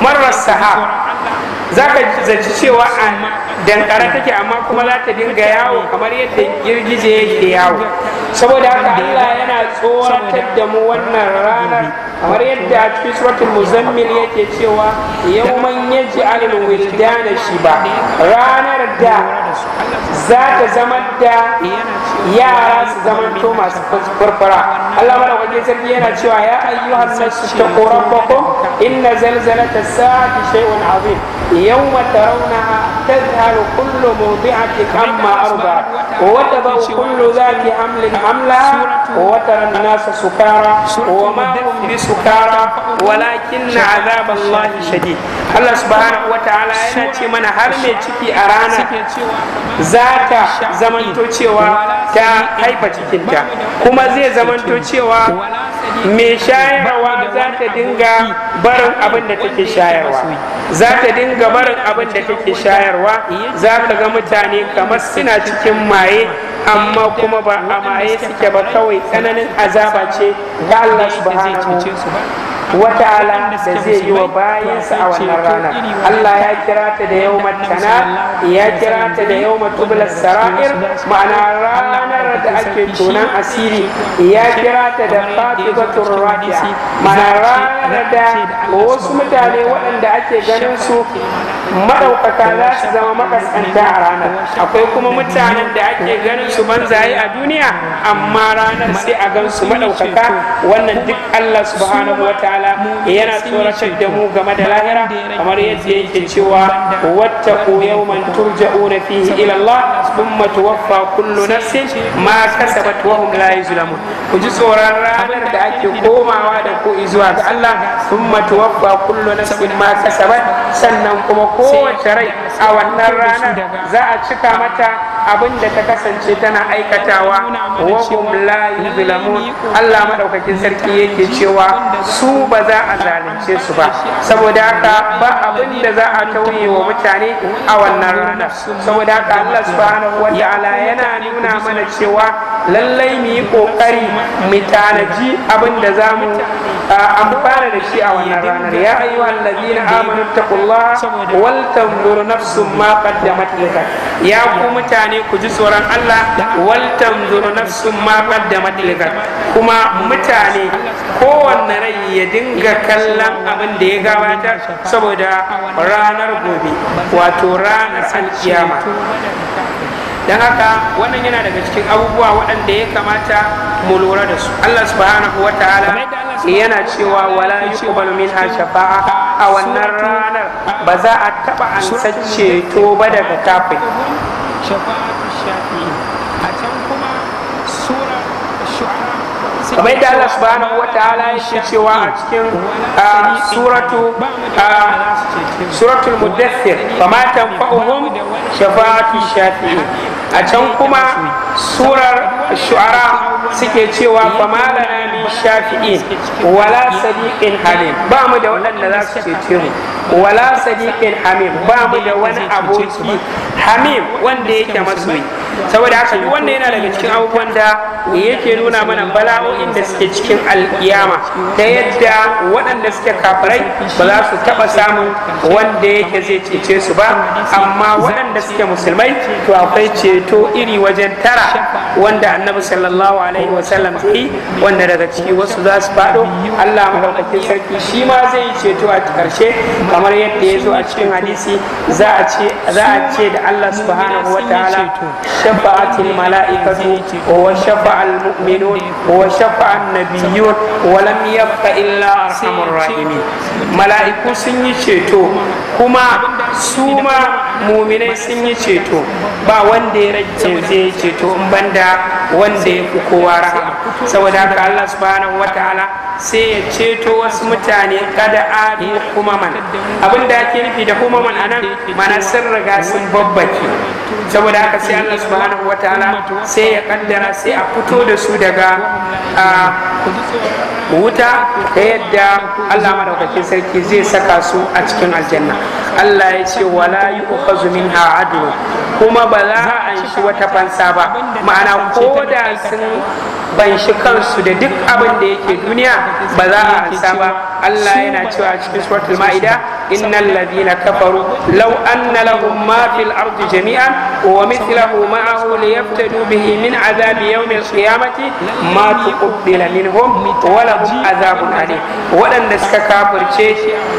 marra sahab za ka zaci cewa a dankara take amma kuma za ta dinga yawo kamar yadda girgije yake yawo saboda haka Allah yana tsoratar da mu wannan ranar kamar yadda a cikin suratul muzammil yake cewa yawman yaji alil wildana ba. ranar da za ta zama da yara su zamanto masu furfura Allah wajen sarki yana cewa ya ayyuhan nasu taqu rabbakum inna zalzalata sa'ati shay'un azim يوم wata تذهل كل موضعة عما أرضى وتضع كل ذات حمل حملها وترى الناس سكارى وما هم بسكارى ولكن عذاب الله شديد Allah subhanahu wa ta'ala ce mana har mai ciki a rana za ta zamanto cewa ta haifa cikinta kuma zai zamanto cewa mai shayarwa za ta dinga barin abin da take shayarwa za ta dinga barin abin da take shayarwa za ka ga mutane kamar suna cikin maye amma kuma ba a maye suke ba kawai tsananin azaba ce ga Allah ba wata'ala da zai yi wa bayansa a wannan rana Allah ya kira ta da yau matana ya kira ta da yau tubular sara'ir ma'ana ranar da ake tunan asiri ya kira ta da fatibatun rafiya ma'ana ranar da wasu mutane waɗanda ake ganin su maɗaukaka za su zama makasanta a ranar akwai kuma mutanen da ake ganin su yi a duniya amma ranar sai a gan su maɗaukaka wannan duk allah subhanahu wataala yana tsoratar da mu game da lahira kamar yadda yake cewa wattaqu yawman turja'una fihi ila allah thumma tuwaffa kullu nafsin ma kasabat wa hum la yuzlamun ku ji tsoron ranar da ake komawa da ko zuwa ga allah thumma tuwaffa kullu nafsin ma kasabat sannan kuma kowace rai a wannan ranar za a cika mata abin da ta kasance tana aikatawa wa hum la yuzlamun Allah madaukakin sarki yake cewa su ba za a zalunce su ba saboda haka ba abin da za a tauye wa mutane a wannan rana saboda haka Allah subhanahu wa ta'ala yana nuna mana cewa lallai mu yi kokari mu tanaji abin da za mu amfana da shi a wannan ranar ya ayyuha allazina amanu taqullaha wal tanzur nafsum ma qaddamat ya ku mutane mutane ku ji tsoron Allah wal tanzuru nafsun ma qaddamat lika kuma mutane kowanne rai ya dinga kallon abin da ya gabata saboda ranar gobe wato ranar alkiyama dan haka wannan yana daga cikin abubuwa waɗanda ya kamata mu lura da su Allah subhanahu wataala yana cewa wala yuqbalu minha shafa'a a wannan ranar ba za a taɓa an ceto ba daga kafin a can kuma shu'ara yadda Allah subhanahu wa ta'ala ya cewa a cikin suratu suratul mudaththir fama tanfa'uhum shafa'atu shafi'i a can kuma surar shu'ara suke cewa fama lana min shafi'in wala sadiqin halim ba mu da waɗanda za su ce mu wala sadiqin hamim ba mu da wani aboki hamim wanda yake masoyi saboda haka duk wanda yana daga cikin abubuwan da yake nuna mana bala'o'in da suke cikin alkiyama ta yadda waɗanda suke kafirai ba za su taɓa samun wanda yake zai cece su ba amma waɗanda suke musulmai to akwai ceto iri wajen tara wanda annabi sallallahu alaihi wasallam yi wanda daga ciki wasu za su faɗo allah maɗaukakin sarki shi ma zai yi ceto a ƙarshe kamar yadda ya zo a cikin hadisi za a ce da Allah subhanahu wa ta'ala shafa'atil mala'ikatu wa shafa'al mu'minun wa shafa'an nabiyyun wa lam yabqa illa arhamur rahimin mala'iku sun yi ceto kuma su ma muminai sun yi ceto ba wanda ya rage zai ceto in banda wanda ya fi kowa rahama saboda haka Allah subhanahu wataala sai ya ceto wasu mutane kada abi humaman abinda ake nufi da humaman anan mana sun riga sun babbake saboda haka sai Allah subhanahu wataala sai ya kaddara sai a fito da su daga wuta ta yadda Allah madaukakin sarki zai saka su a cikin aljanna Allah ya ce wala yi yunqazu minha adlu kuma ba za a anshi wata fansa ba ma'ana ko da sun banshi kansu da duk abin da yake duniya ba za a ansa ba Allah yana cewa a cikin suratul ma'ida innal ladina kafaru law anna lahum ma fil ardi jami'an wa mithluhu ma'ahu liyaftadu bihi min azabi yawmil qiyamati ma tuqbila minhum wa lahum azabun alim waɗanda suka kafirce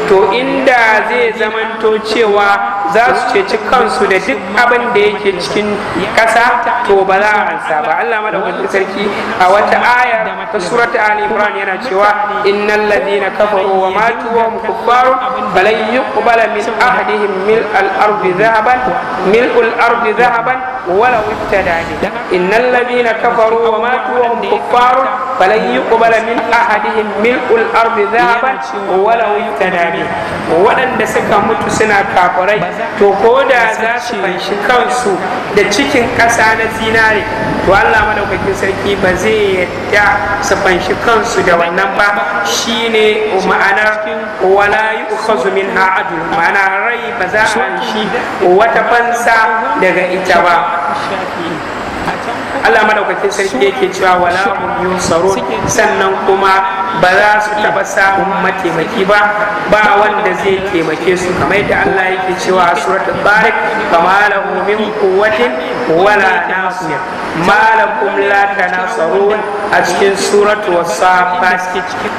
to inda zai zamanto cewa za su ceci kansu da duk abin da yake cikin ƙasa to ba za a ansa ba Allah madaukakin sarki a wata aya ta surat ali imran yana cewa innal ladina kafaru wa matu wa hum kuffaru yuqbala min ahadihim mil al ardi dhahaban mil al ardi dhahaban ولو ابتدى به إن الذين كفروا وماتوا وهم كفار فلن يقبل من أحدهم ملء الأرض wala ولو ابتدى به suka mutu suna كافرين to ko da za su fanshi kansu da cikin ƙasa na zinare to Allah madaukakin sarki ba zai yadda su fanshi kansu da wannan ba shine ma'anar wala yu'khazu min ha'adu ma'ana rai ba za a shi wata fansa daga ita ba Allah madaukakin sarki yake cewa wala hum yunsarun sannan kuma ba za su taɓa samun mataimaki ba ba wanda zai taimake su kamar yadda Allah yake cewa a suratul barik kama lahu min quwwatin wala nasir ma la tanasarun a cikin suratul wasafat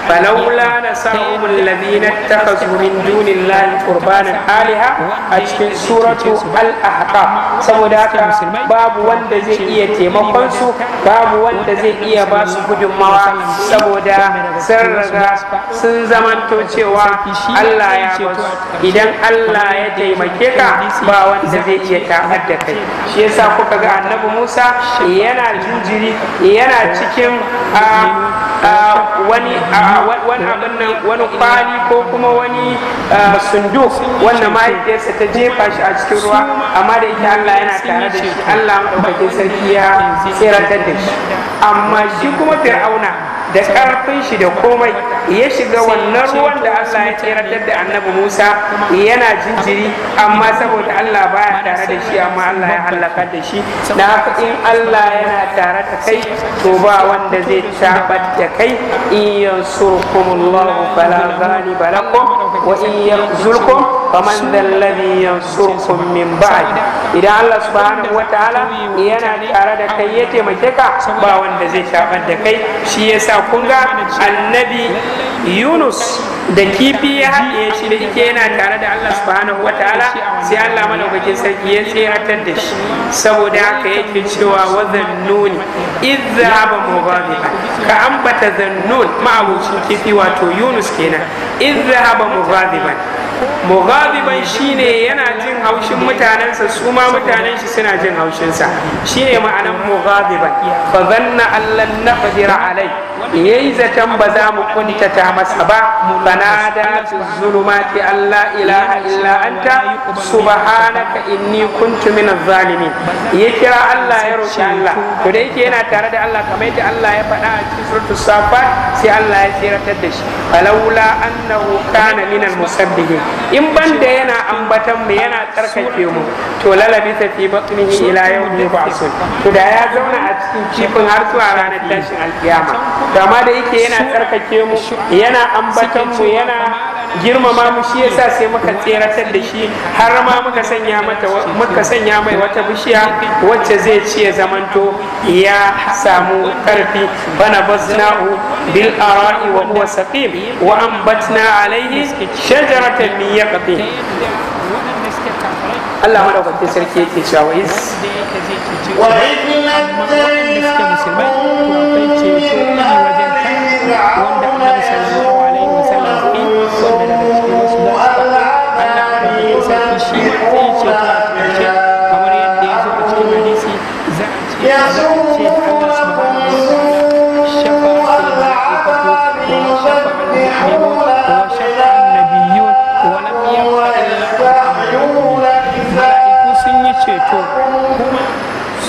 falawla nasarhum alladhina ittakhadhu min dunillahi qurbanan aliha a cikin suratul al-ahqaf saboda haka babu wanda zai iya taimako taimakonsu babu wanda zai iya ba su gudunmawa saboda sun raga sun zamanto cewa Allah ya basu idan Allah ya taimake ka ba wanda zai iya ta'ad da kai shi yasa kuka ga annabi Musa yana jinjiri yana cikin wani abin wani kwali ko kuma wani sundu wanda mahaifiyarsa ta jefa shi a cikin ruwa amma da ita Allah yana tare da shi Allah maɗaukakin sarki ya tsirantar da shi amma shi kuma fir'auna da karfin shi da komai ya shiga wannan ruwan da Allah ya tseratar da annabi Musa yana jinjiri amma saboda Allah baya tare da shi amma Allah ya halaka da shi da haka in Allah yana tare da kai to ba wanda zai tabar da kai in yansurkumullahu fala ghaliba lakum wa in yakhzulkum faman dhal ladhi yansurkum min ba'd idan Allah subhanahu wataala yana tare da kai ya taimake ka ba wanda zai tabar da kai shi yasa kun ga annabi yunus da kifi ya haɗe shi da ike yana tare da allah subhanahu wa ta'ala sai allah malaukakin sarki ya tseratar da shi saboda haka yake cewa wa zannuni izaba mughadiba ka ambata zannun ma'abucin kifi wato yunus kenan izaba mughadiban shi shine yana jin haushin mutanensa su ma mutanen shi suna jin haushinsa shine ma'anar mughadiban fa zanna allan naqdira alai yayi zaton ba za mu ta masa ba fanada fi zulumati Allah ilaha illa anta subhanaka inni kuntu min zalimin ya kira Allah ya roki Allah to da yake yana tare da Allah kamar yadda Allah ya faɗa a cikin suratul safa sai Allah ya tsiratar da shi alaula annahu kana min musabbihin in banda yana ambatan mu yana tsarkake mu to lalabi ta fi batnihi ila yawmi ba'sun to da ya zauna a cikin kifin har zuwa ranar tashin alkiyama kama da yake yana tsarkake mu yana ambatan mu yana girmama mu shi yasa sai muka tseratar da shi har ma muka sanya mata muka sanya mai wata bishiya wacce zai ci ya zamanto ya samu karfi bana basnahu bil ara'i wa huwa saqim wa ambatna alayhi shajaratan min yaqtin Allah madaukakin sarki yake cewa wa iz wa iz musulmai bai ce wajen wanda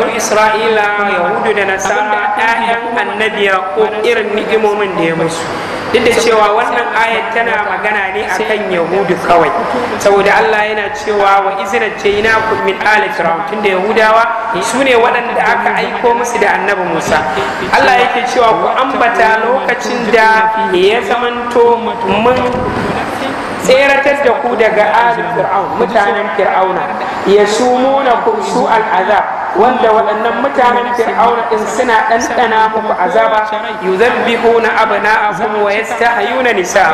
banu isra'ila yahudu da nasara 'ya'yan annabi yaqub irin ni'imomin da ya musu duk da cewa wannan ayat tana magana ne akan yahudu kawai saboda allah yana cewa wa izina jaina min ali fir'aun tunda yahudawa su ne waɗanda aka aiko musu da annabi musa allah yake cewa ku ambata lokacin da ya zamanto mun tseratar da ku daga fir'aun mutanen fir'auna ya sumuna ku su al'azab wanda waɗannan mutanen fir'auna ɗin suna ɗanɗana muku azaba na yuzabbihuna abna'ahum wa na nisa.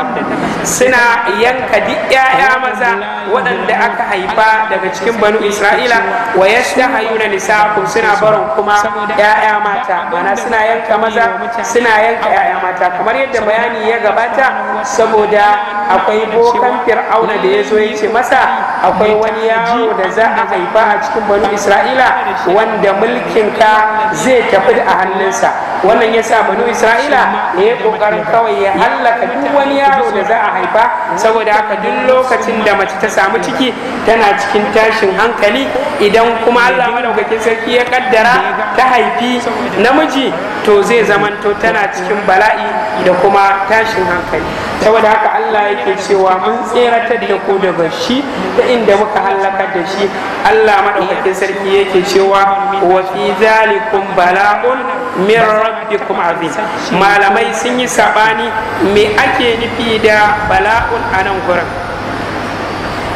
suna yanka duk ƴaƴa maza waɗanda aka haifa daga cikin banu isra'ila wa yastahayuna nisa suna barin kuma ƴaƴa mata mana suna yanka maza suna yanka ƴaƴa mata kamar yadda bayani ya gabata saboda akwai bokan fir'auna da ya zo ya ce masa akwai wani yaro da za a haifa a cikin banu isra'ila wanda mulkinka zai tafi a hannunsa wannan ya sa banu isra'ila ya yi kokarin kawai ya hallaka duk wani yaro da za a haifa saboda haka duk lokacin da mace ta samu ciki tana cikin tashin hankali idan kuma allah madaukakin sarki ya kaddara ta haifi namiji to zai zamanto tana cikin bala'i da kuma tashin hankali saboda haka Allah yake cewa mun tseratar da ku daga shi da inda muka hallakar da shi Allah madaukakin sarki yake cewa wa fi zalikum bala'un min rabbikum azim malamai sun yi sabani me ake nufi da bala'un a nan gurin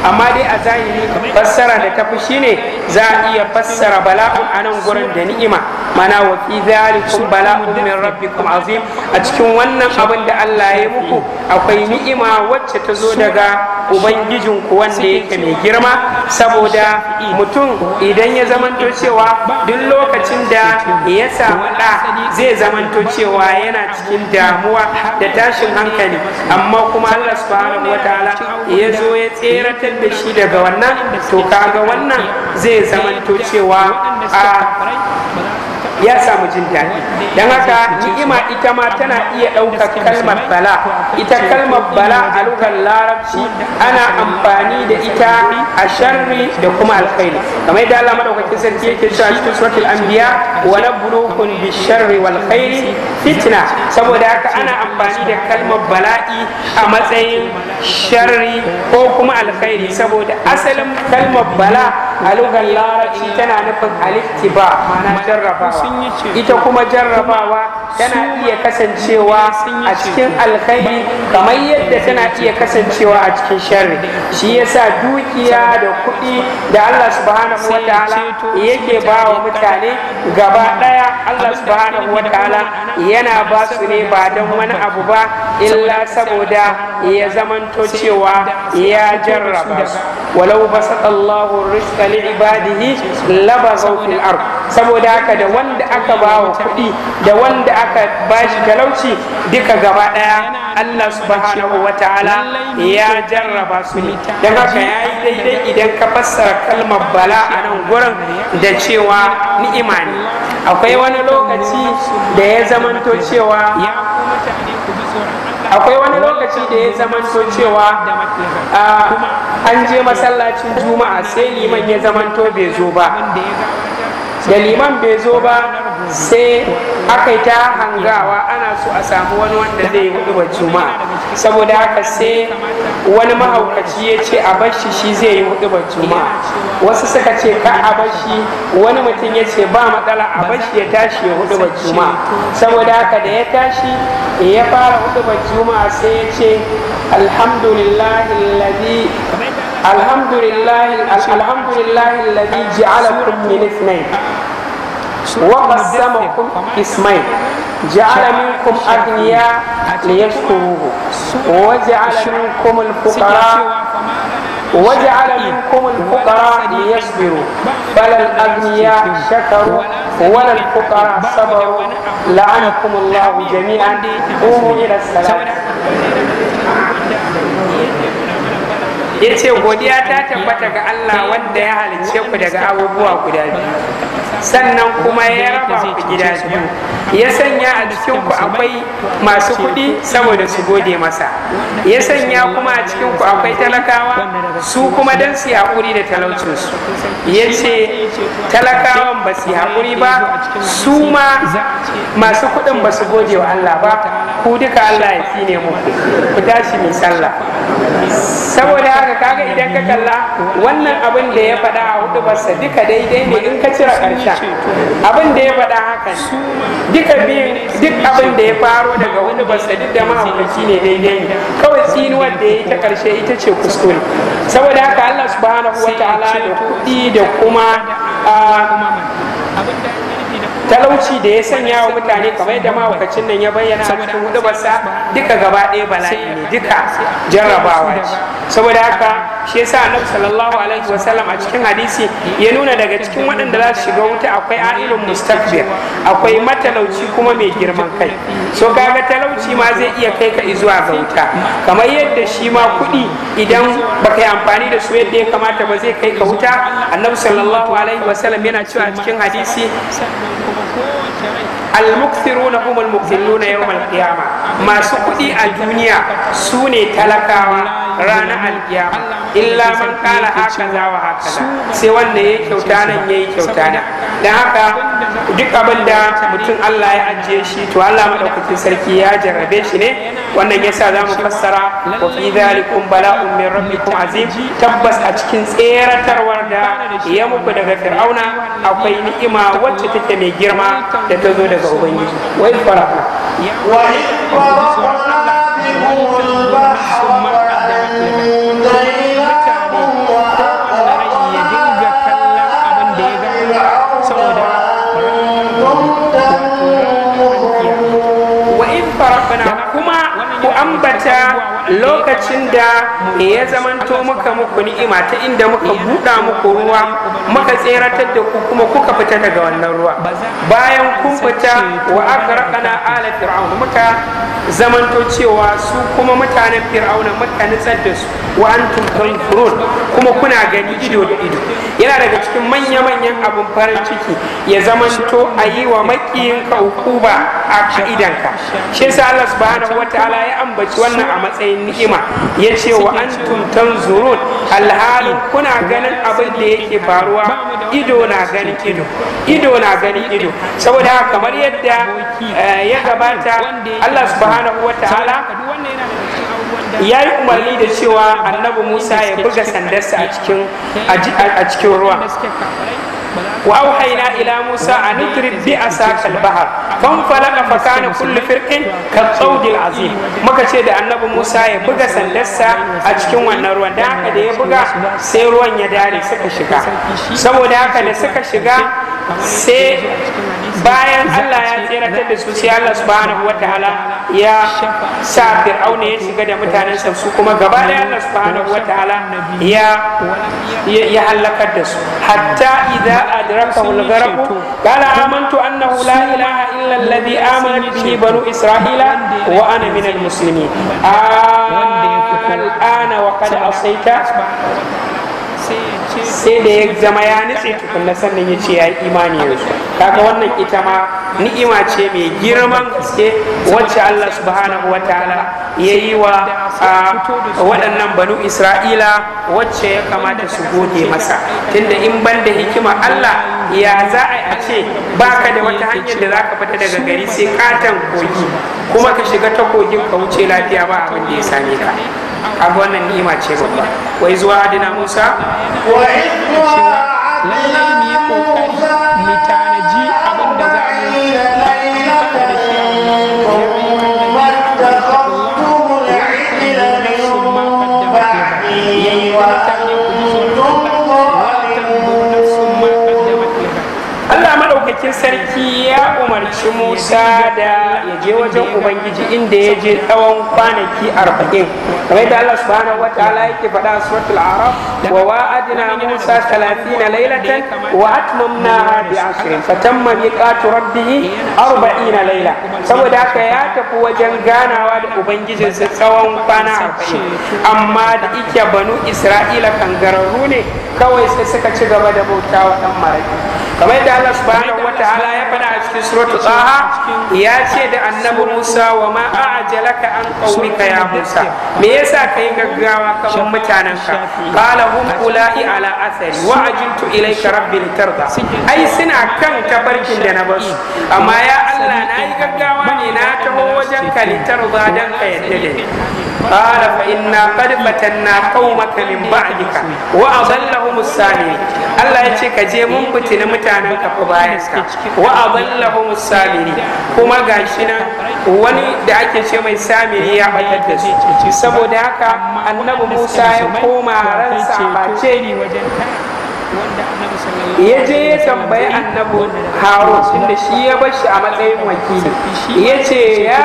amma dai a zahiri fassara da tafi shine za a iya fassara bala'un a nan gurin da ni'ima mana wa fi kun bala'un min rabbikum azim a cikin wannan abin da Allah ya yi muku akwai ni'ima wacce ta zo daga ubangijinku wanda yake mai girma saboda mutum idan ya zamanto cewa duk lokacin da ya samu ɗa zai zamanto cewa yana cikin damuwa da tashin hankali amma kuma Allah subhanahu wataala ya zo ya tseratar fitar da shi daga wannan to kaga wannan zai zamanto cewa a ya samu jin daɗi don haka ni'ima ita ma tana iya ɗaukar kalmar bala ita kalmar bala a larabci ana amfani da ita a sharri da kuma alkhairi kamar yadda Allah madaukakin sarki yake cewa cikin suratul anbiya wa nabluukum bisharri wal khairi fitna saboda haka ana amfani da kalmar bala'i a matsayin sharri ko kuma alkhairi saboda asalin kalmar bala a lugar larabci tana nufin alittiba ma'ana jarrabawa ita kuma jarrabawa tana iya kasancewa a cikin alkhairi kamar yadda tana iya kasancewa a cikin sharri shi yasa dukiya da kuɗi da Allah subhanahu wa ta'ala yake ba wa mutane gaba ɗaya Allah subhanahu wa ta'ala yana ba su ne ba don wani abu ba illa saboda ya zamanto cewa ya jarraba su walau basatallahu rizqa li ibadihi labazaw fil ardh saboda haka da wanda aka ba wa kuɗi da wanda aka ba shi talauci duka gaba ɗaya Allah subhanahu wa ta'ala ya jarraba su ne don haka ya yi daidai idan ka fassara kalmar bala a nan gurin da cewa ni'ima ne akwai wani lokaci da ya zamanto cewa akwai wani lokaci da ya zamanto cewa an je masallacin juma'a sai liman ya zamanto bai zo ba da liman bai zo ba sai aka ta hangawa ana so a samu wani wanda zai hudu ba juma saboda haka sai wani mahaukaci ya ce a bashi shi zai yi hudu ba juma wasu suka ce ka a bashi wani mutum ya ce ba matsala a bashi ya tashi ya hudu ba juma saboda haka da ya tashi ya fara hudu ba juma sai ya ce alhamdulillahi الحمد لله الحمد لله الذي جعلكم من اثنين وقسمكم اسمين جعل منكم أغنياء ليشكروه وجعل منكم الفقراء وجعل منكم الفقراء ليصبروا فلا الأغنياء شكروا ولا الفقراء صبروا لعنكم الله جميعا قوموا إلى السلام ya ce godiya ta tabbata ga Allah wanda ya halicce ku daga abubuwa guda biyu sannan kuma ya raba ku gida biyu ya sanya a cikin ku akwai masu kuɗi saboda su gode masa ya sanya kuma a cikin ku akwai talakawa su kuma dan su haƙuri da talaucinsu ya ce talakawan ba su haƙuri ba su ma masu kuɗin ba su gode wa Allah ba ku duka Allah ya ne muku ku tashi mai sallah saboda haka Ka kaga idan ka kalla wannan abin da ya faɗa a hudu basa duka daidai ne in ka cire ƙarshen abin da ya faɗa haka duka biyu duk abin da ya faro daga hudu basa duk da mahaukaci ne daidai ne kawai tsinuwar da ya ta ƙarshe ita ce kuskure saboda haka Allah subhanahu wa ta'ala da kuɗi da kuma a. Ah, talauci da ya sanya wa mutane kamar yadda mawakacin nan ya bayyana a cikin hudubarsa duka gaba ɗaya bala'i ne duka jarrabawa ce saboda haka shi yasa annabi sallallahu alaihi wa sallam a cikin hadisi ya nuna daga cikin waɗanda za su shiga wuta akwai ailun mustakbir akwai matalauci kuma mai girman kai so kaga talauci ma zai iya kai ka zuwa ga wuta kamar yadda shi ma kuɗi idan baka yi amfani da su yadda ya kamata ba zai kai ka wuta annabi sallallahu alaihi wa sallam yana cewa a cikin hadisi almuksiruna na muksilluna na qiyama masu kuɗi a duniya su ne talakawa rana alkiyama illa man kala haka wa haka sai wanda ya kyauta nan ya yi kyauta nan da haka duk abinda mutum allah ya ajiye shi to allah maɗaukacin sarki ya jarrabe shi ne wannan yasa za mu fassara wa fi zalikum bala'un min rabbikum azim tabbas a cikin tseratarwar da ya muku daga fir'auna akwai ni'ima wacce take mai girma da ta zo daga ubangiji wai fara wa lokacin da ya zamanto muka muku ni'ima ta inda muka buɗa muku ruwa muka tseratar da ku kuma kuka fita daga wannan ruwa bayan kun fita wa agraqna ala fir'auna muka zamanto cewa su kuma mutanen fir'auna muka nutsar da su wa tuntun kuma kuna gani ido da ido yana daga cikin manya-manyan abin farin ciki ya zamanto a yi wa makiyinka ukuba a ka'idanka shi sa Allah subhanahu ala ya ambaci wannan a matsayin ni'ima ya ce wa an tuntan zurun alhalin kuna ganin abin da yake faruwa ido na ganin ido ido na ganin ido saboda kamar yadda eh, ya gabata Allah subhanahu wa ta'ala ya yi umarni da cewa annabi musa ya buga sandarsa a cikin ruwa وأوحينا إلى موسى أن اضرب بعصاك البحر فانفلق فكان كل فرق كالطود العظيم muka ce da annabi Musa ya buga sandarsa a cikin wannan ruwan da haka da ya buga sai ruwan ya dare suka shiga saboda haka da suka shiga sai bayan Allah ya tseratar da su sai Allah subhanahu wa ta'ala ya sa fir'auna ya shiga da mutanensa su kuma gaba da Allah subhanahu wa ta'ala ya ya halakar da su hatta idza adrakahu al-gharq qala amantu annahu la ilaha illa alladhi amanat bihi banu isra'ila wa ana min al-muslimin al'ana wa qad asayta sai da ya zama ya nutse tukunna sannan ya ce ya yi imani yanzu kaga wannan ita ma ni'ima ce mai girman gaske wacce Allah subhanahu wa ta'ala ya yi wa waɗannan banu isra'ila wacce ya kamata su gode masa tunda in ban da hikima Allah ya za a ce baka da wata hanyar da zaka fita daga gari sai katon kogi kuma ka shiga ta kogin ka wuce lafiya ba abin da ya same ka abu wannan ni'ima ce babba wai zuwa adina musa wai lallai mu mu tanaji abin da za Allah maɗaukakin sarki ya umarci Musa da je wajen ubangiji inda ya je tsawon kwanaki arba'in kamar da Allah subhanahu wa ta'ala yake faɗa suratul araf wa wa'adna musa 30 lailatan wa atmamna bi ashrin fatamma miqatu rabbih 40 laila saboda haka ya tafi wajen ganawa da ubangijinsa tsawon kwana arba'in amma da ike banu isra'ila kangararru ne kawai sai suka ci gaba da bautawa dan maraki kamar da Allah subhanahu wa ta'ala ya faɗa cikin suratu tsaha ya ce da annabi musa wa ma ajalaka an qaumika ya musa me yasa yi gaggawa kamar mutanen ka qala hum ulai ala asali. wa ilai ka rabbi litarda ai suna kan tabarkin da na basu amma ya allah na yi gaggawa ne na taho wajen ka litarda dan ka yadda da ni قال فإنا قد فتنا قومك من بعدك وأضلهم السامرين Allah ya ce ka je mun fitina mutanen ka fa bayan ka wa adallahum samiri kuma gashi nan wani da ake ce mai samiri ya batar da su saboda haka annabi Musa ya koma ransa bace ni wajen ya je ya tambayi Annabu harun da shi ya bar shi a matsayin wakili ya ce ya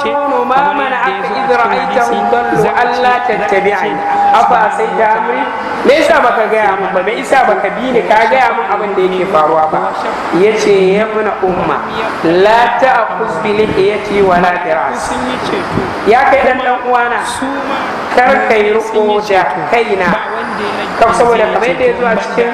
harunu ma mana aka izra aita dallu allah A afa sai ta amri me yasa baka gaya min ba me yasa baka bi ni ka gaya min abin da yake faruwa ba ya ce ya muna umma la ta'khuz bi lihiyati wa la biras ya kai dan dan uwana kar kai ruko da kaina saboda kamar yadda ya zo a cikin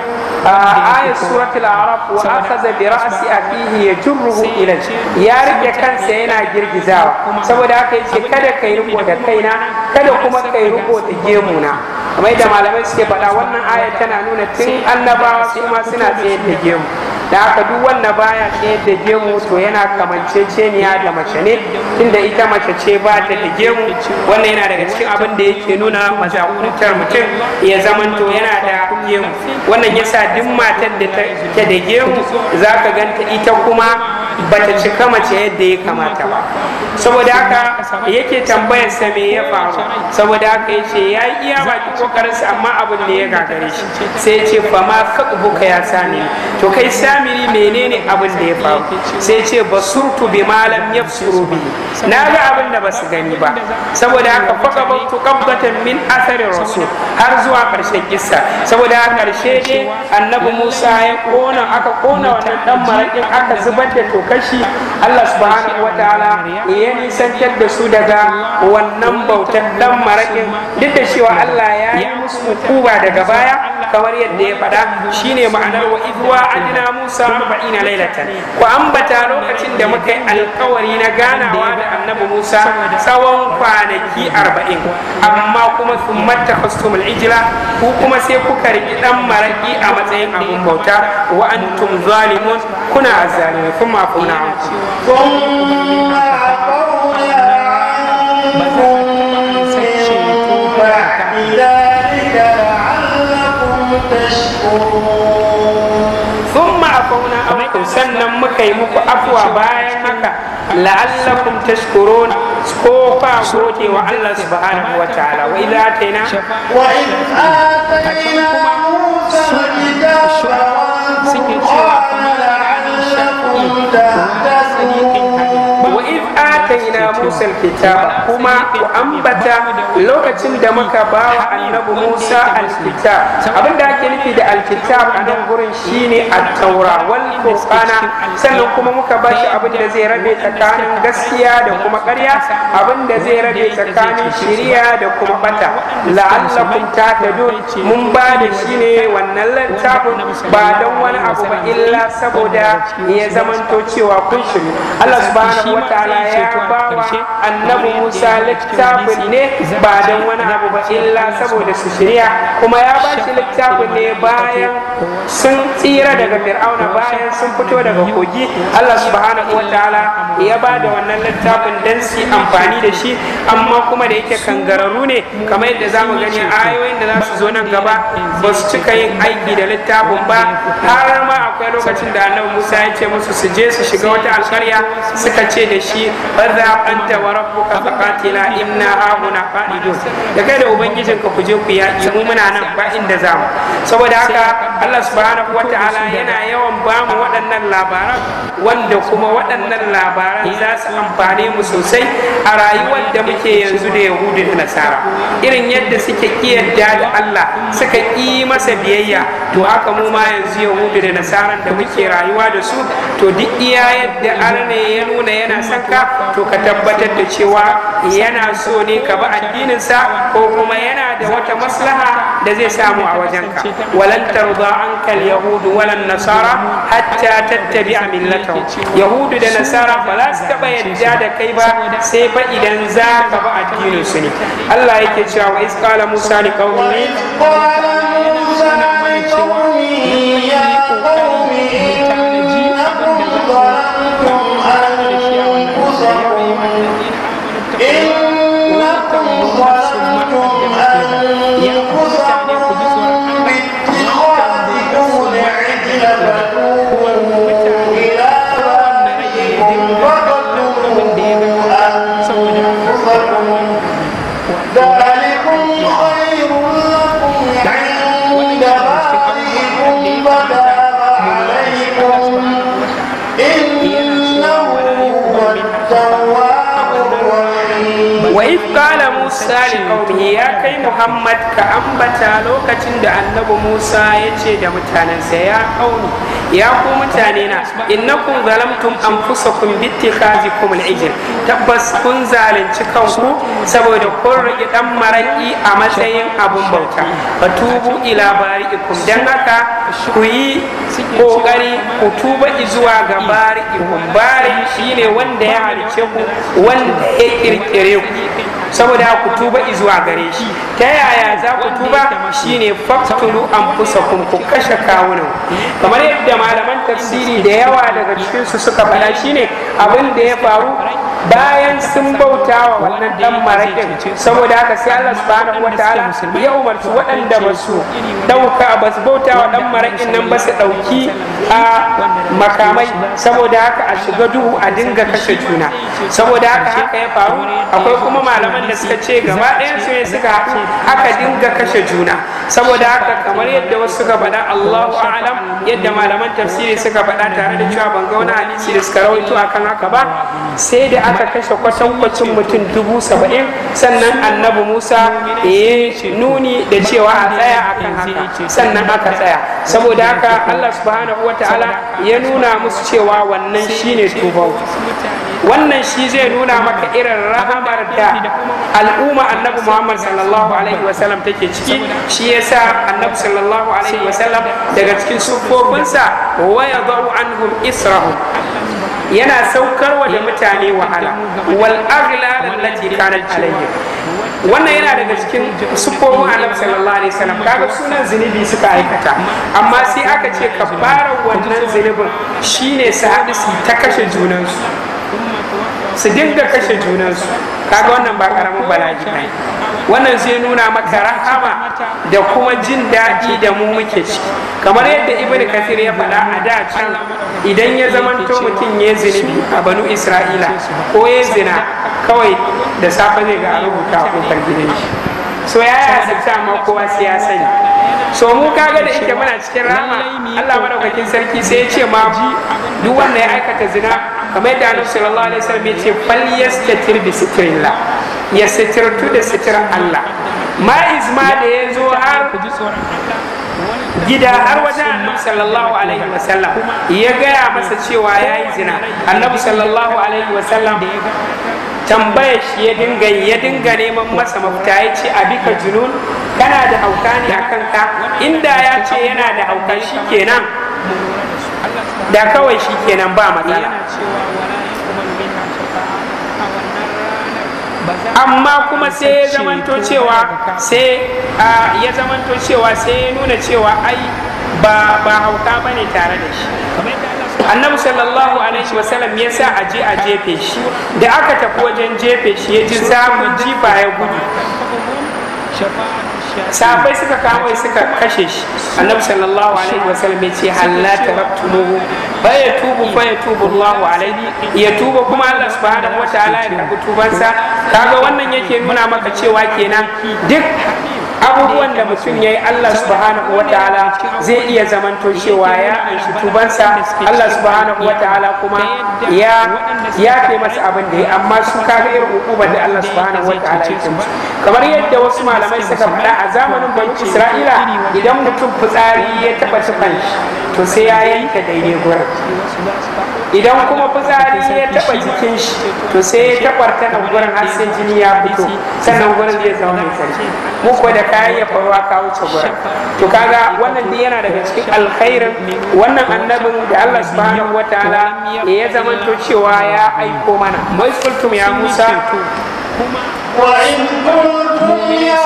آية سورة العرب وأخذ برأس أخيه يجره إليه يا رب كان سينا جرجزاوا سوى ذاك يجي كذا كي ربو دكينا كذا كما كي ربو تجيمونا kamar da malamai suke faɗa wannan aya tana nuna tun annabawa su ma suna tsaye da gemu da aka duk wannan baya tsayar da gemu to yana kamance kamanceceniya da mace ne tunda ita mace ce ba ta da gemu wannan yana daga cikin abin da yake nuna mazakuntar mutum ya zaman to yana da gemu wannan yasa duk matar da ta da gemu za ka ganta ita kuma ba ta cika mace yadda ya kamata ba saboda haka yake tambayar sa me ya faru saboda haka ya ce ya yi iya baki sa amma abin ne ya gagare shi sai ce ba ma buka ya sami to kai samiri menene abin da ya faru sai ce basurtu bi malam yafsuru bi na ga abin da basu gani ba saboda haka to qabbatan min asari rasul har zuwa karshen kissa saboda haka karshe ne annabi Musa ya kona aka kona wannan dan marakin aka zubar da tokashi Allah subhanahu wataala ya ya nisantar da su daga wannan bautar dan maraƙin duk da cewa Allah ya yi musu kuba daga baya kamar yadda ya faɗa shine ma'anar wa idwa adina musa arba'ina lailatan ku ambata lokacin da muka yi alkawari na ganawa da annabi musa tsawon kwanaki arba'in amma kuma sun mata fastumul ijla ku kuma sai kuka riƙi dan maraƙi a matsayin abin bauta wa antum zalimun kuna azzalimai kuma kuna sun ma'afauna amurkum sannan muka yi muku afuwa bayan haka la'allakum tashkurun ko fa gode wa Allah subhanahu wa ta'ala wa idza ataina wa in ataina musa kitaba wa qala la'allakum tahtadun wa iz atayna musa alkitaba kuma ku ambata lokacin da muka ba wa annabi musa alkitab abin da ake nufi da alkitab a nan gurin shine at-taura wal qur'ana sannan kuma muka ba shi abin da zai rabe tsakanin gaskiya da kuma ƙarya abin da zai rabe tsakanin shiriya da kuma bata la'allakum tahtadun mun ba da wannan littafin ba don wani abu ba illa saboda ya zamanto cewa kun Allah subhanahu wa ta'ala ya ba wa annabi Musa littafin ne ba don wani abu ba illa saboda su shirya kuma ya ba shi littafin ne bayan sun tsira daga fir'auna bayan sun fito daga kogi Allah subhanahu wa ta'ala ya ba da wannan littafin dan su amfani da shi amma kuma da yake kangararru ne kamar yadda za mu gani ayoyin da za su zo nan gaba ba su cika yin aiki da littafin ba har ma akwai lokacin da annabi Musa ya ce musu su je su shiga wata alkarya suka ce da shi barza anta wa rabbuka faqatila inna hauna qa'idun da kai da ubangijinka ku je ku yaƙi mu muna nan ba inda za mu saboda haka Allah subhanahu ta'ala yana yawan bamu waɗannan labaran wanda kuma waɗannan labaran za su amfane mu sosai a rayuwar da muke yanzu da yahudu da nasara irin yadda suke kiyarda da Allah suka yi masa biyayya to haka mu ma yanzu yahudu da nasara da muke rayuwa da su to duk iya yadda arne ya nuna yana son to ka tabbatar da cewa yana so ne ka ba sa ko kuma yana da wata maslaha da zai samu a wajenka walantar ba عنك اليهود ولا النصارى حتى تتبع ملتهم يهود da nasara ba za su taɓa yadda da kai ba sai fa idan za ka ba addinin su ne Allah yake cewa wa isqala Musa li qaumihi muhammad ka ambata lokacin da annabi musa ya ce da mutanensa ya kauni ya ku mutane na innakum zalamtum anfusakum bittikhazikum al-ijl tabbas kun zalunci kanku saboda kun rike dan maraki a matsayin abun bauta fatubu ila bari'ikum dan haka ku yi kokari ku tuba zuwa ga bari'ikum bari shine wanda ya halice ku wanda ya kirkire ku saboda ku tuba izuwa gare shi ta yaya za ku tuba Shi shine faktulu anfusakum ku kashe kawunan kamar yadda malaman tafsiri da yawa daga cikinsu suka faɗa shine abin da ya faru bayan sun bauta wa wannan dan marakin saboda haka sai Allah subhanahu wataala ya umarci waɗanda ba su dauka ba su bauta wa dan marakin nan ba su dauki a makamai saboda haka a shiga duhu a dinga kashe juna saboda haka haka ya faru akwai kuma malaman da suka ce gaba ɗaya su ne suka haɗu aka dinga kashe juna saboda haka kamar yadda wasu suka faɗa Allahu a'lam yadda malaman tafsiri suka faɗa tare da cewa ban ga wani hadisi da suka rawaito akan haka ba sai da aka kashe kwacin mutum dubu saba'in sannan annabi musa ya nuni da cewa a tsaya akan haka sannan aka tsaya saboda haka allah subhanahu wa ta'ala ya nuna musu cewa wannan shine tubau wannan shi zai nuna maka irin rahamar da al'umma annabi muhammad sallallahu alaihi wasallam take ciki shi yasa annabi sallallahu alaihi wasallam daga cikin sufofinsa waya zau anhum israhum yana saukarwa da mutane wahala wal aghlal allati kanat alayhi wannan yana daga cikin sufofin annabi sallallahu alaihi wasallam kaga sunan zunubi suka aikata amma sai aka ce fara wannan zunubin shine su haɗu su ta kashe junansu su su dinga kashe su kaga wannan ba karamin bala'i ne wannan zai nuna maka rahama da kuma jin daɗi da mu muke ciki kamar yadda ibn kathir ya faɗa a da can idan ya zamanto mutum ya zunubi a banu isra'ila ko ya zina kawai da safe zai ga rubuta a kofar gidan so ya yi yasa amma kowa sai ya sani so mu kaga da ike muna cikin rama Allah madaukakin sarki sai ya ce ma duk wanda ya aikata zina kamar yadda annabi sallallahu alaihi wasallam ya ce fal yastatir bi sitrillah ya sitirtu da sitirar Allah ma'iz ma da ya zo har gida har wajen annabi sallallahu alaihi wasallam ya gaya masa cewa ya yi zina annabi sallallahu alaihi wasallam tambayar shi ya dinga ya dinga neman masa mafita ya ce a bika junun kana da hauka ne a kanka inda ya ce yana da hauka shi kenan da kawai shi kenan ba matsala amma kuma sai ya zamanto cewa sai ya zamanto cewa sai ya nuna cewa ai ba ba hauka bane tare da shi annabi sallallahu alaihi wasallam ya sa a je a jefe shi da aka tafi wajen jefe shi ya ji zamu jifa ya gudu safai suka kawo suka kashe shi annabi sallallahu alaihi wa sallam ya ce halla taraktumuhu fa tubu fa ya tubu Allahu alaihi ya tubu kuma Allah subhanahu wa ta'ala ya karbi tubansa kaga wannan yake nuna maka cewa kenan duk abubuwan da mutum ya yi allah subhanahu wa ta'ala zai iya zamanto cewa ya anshi tubansa allah subhanahu wa ta'ala kuma ya fi masa abin da ya amma su kaga irin hukumar da allah subhanahu wa ta'ala ya musu kamar yadda wasu malamai suka faɗa a zamanin ban isra'ila idan mutum fitsari ya taɓa tufan to sai ya yanke daidai gurin idan kuma fitsari ya taɓa jikin shi to sai ya taɓarta nan gurin har sai jini ya fito sannan gurin zai zama mai sarki mu da ka yayyafa ruwa ka wuce gurin to kaga wannan duk yana daga cikin alkhairin wannan annabin da Allah subhanahu wataala ya zamanto cewa ya aiko mana mai sultum ya Musa kuma wa in kuntum ya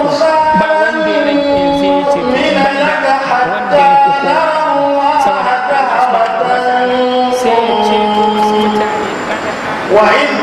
Musa ba wanda ya rike zai ce banda wanda ya kuku saboda Allah subhanahu sai ya ce mutane wa in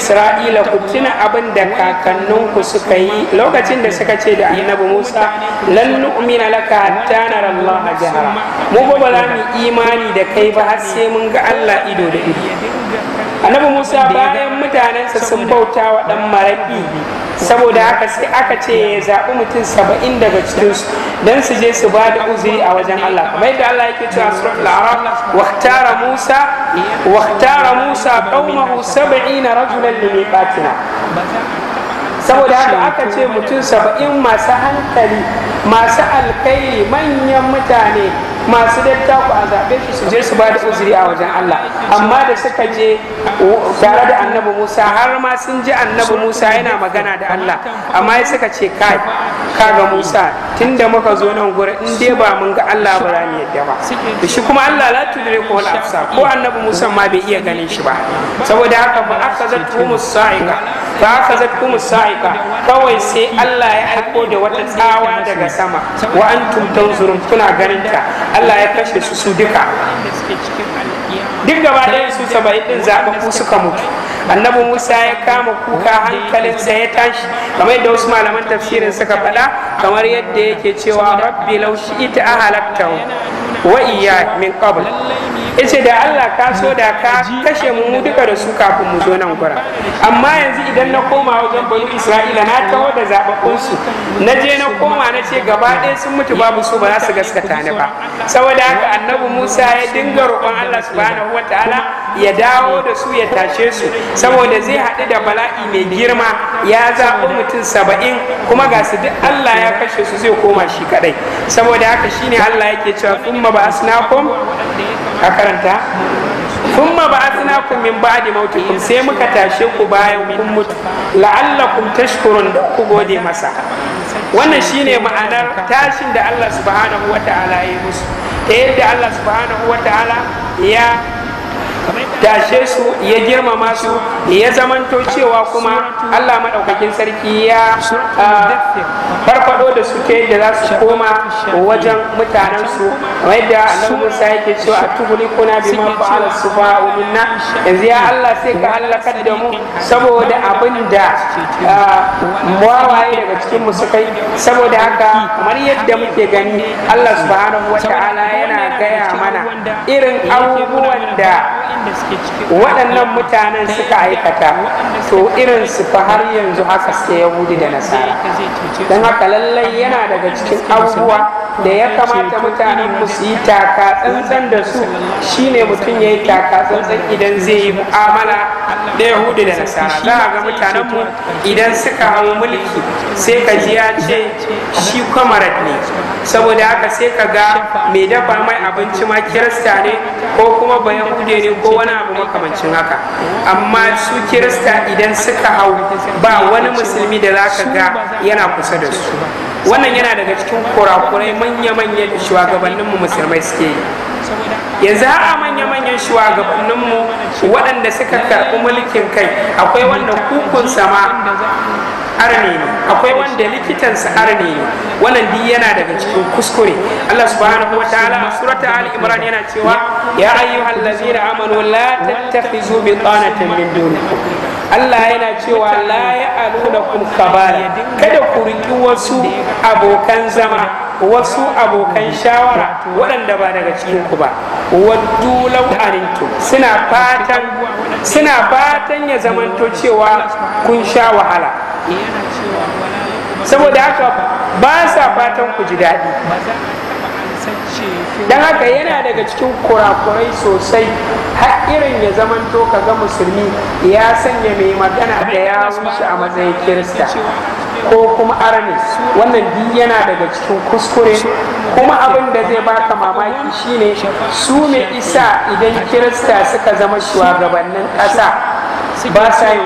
isra'ila ku tuna abin da kakanninku suka yi lokacin da suka ce da annabi musa lan nu'mina laka hatta allah jahara mu ba za mu imani da kai ba har sai mun ga allah ido da ido annabi musa bayan mutanensa sun bauta wa dan maraƙi saboda haka sai aka ce ya zaɓi mutum saba'in daga cikinsu don su je su ba da uzuri a wajen Allah kamar yadda Allah yake cewa suratul araf wahtara musa wahtara musa qaumahu sab'ina rajulan li miqatina saboda haka aka ce mutum saba'in masu hankali masu alkai manyan mutane masu dattaku a zaɓe shi su je su ba da uzuri a wajen Allah amma da suka je tare da annabi Musa har ma sun ji annabi Musa yana magana da Allah amma ya suka ce kai kaga Musa tunda muka zo nan gurin in dai ba mun ga Allah ba za mu yadda ba da shi kuma Allah la tudire ko al ko annabi Musa ma bai iya ganin shi ba saboda haka fa aka zatu ba ka zatkum sa'ika kawai sai Allah ya aiko da wata tsawa daga sama wa antum zurun kuna ganin ta Allah ya kashe su su duka duk gaba ɗaya su saba'in ɗin zaɓa ku suka mutu annabi musa ya kama kuka hankalinsa ya tashi kamar yadda wasu malaman tafsirin suka faɗa kamar yadda yake cewa rabbi laushi ita a halatta Wa'iyya min min qabl ce da Allah ka so da ka kashe mu duka da su kafin mu zo nan gura amma yanzu idan na koma wajen bani Isra'ila na taho da zababbun su na je na koma na ce gaba ɗaya sun mutu babu su ba za su gaskata ni ba saboda haka annabi Musa ya dinga roƙon Allah subhanahu wataala ya dawo da su ya tashe su saboda zai haɗu da bala'i mai girma ya zaɓi mutum saba'in kuma ga su duk Allah ya kashe su zai koma shi kaɗai saboda haka shine Allah yake cewa kuma ba asnakum a karanta kuma ba asnakum min ba'di mautukun sai muka tashe ku bayan kun mutu la'allakum tashkurun da ku gode masa wannan shine ma'anar tashin da Allah subhanahu ta'ala ya musu ta yadda Allah subhanahu ta'ala ya tashe su ya girmama su ya zamanto cewa kuma Allah maɗaukakin sarki ya farfado da suke da yadda za su koma wajen mutanen su da Musa yake cewa a tuhuli kuna bi ma fa'ala sufa'u minna yanzu ya Allah sai ka halakar da mu saboda abin da wawaye daga cikin mu suka saboda haka kamar yadda muke gani Allah subhanahu wa ta'ala yana gaya mana irin abubuwan da waɗannan mutanen suka aikata to irin su fa har yanzu haka sai yahudi da nasara don haka lallai yana daga cikin abubuwa da ya kamata mutane mu su yi taka tsantsan da su shine mutum ya yi taka tsantsan idan zai yi mu'amala da yahudu da nasara za ga mutanen idan suka hau mulki sai ka ji ya ce shi kwamarat ne saboda haka sai ka ga mai dafa mai abinci ma kirista ne ko kuma bayan hude ne ko wani abu makamancin haka amma su kirista idan suka hau ba wani musulmi da za ka ga yana kusa da su wannan yana daga cikin kurakurai manya-manyan shugabanninmu musulmai suke yi yanzu har a manya-manyan shugabanninmu waɗanda suka karɓi mulkin kai akwai wanda kukun sama arne ne akwai wanda likitansa arne ne wannan duk yana daga cikin kuskure Allah subhanahu wa ta'ala a surata al-imran yana cewa ya ladina amanu la tattakhizu bitanatan min dunikum Allah yana cewa la ya khabala kada ku riki wasu abokan zama wasu abokan shawara waɗanda ba daga cikinku ba waddu law suna fatan suna fatan ya zamanto cewa kun sha wahala saboda haka ba sa fatan ku ji daɗi don haka yana daga cikin kurakurai sosai har irin ya zamanto ga musulmi ya sanya mai magana da ya wuce a matsayin kirista ko kuma arani wannan duk yana daga cikin kuskure kuma abin da zai baka mamaki shine su ne isa idan kirista suka zama shugabannin ƙasa ba sa yin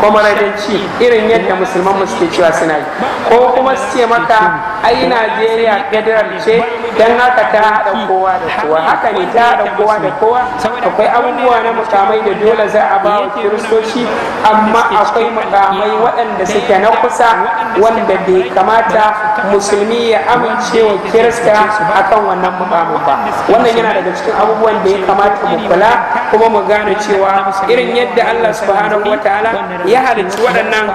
kwamaradanci irin yadda musulman suke cewa suna yi ko kuma su ce maka ai najeriya federal ce don haka ta haɗa kowa da kowa haka ne ta haɗa kowa da kowa akwai abubuwa na mukamai da dole za a ba kiristoci amma akwai mukamai waɗanda suke na kusa wanda bai kamata musulmi ya amince wa kirista akan wannan mukamai ba wannan yana daga cikin abubuwan da ya kamata mu kula kuma mu gane cewa irin yadda Allah subhanahu ta'ala ya halicci waɗannan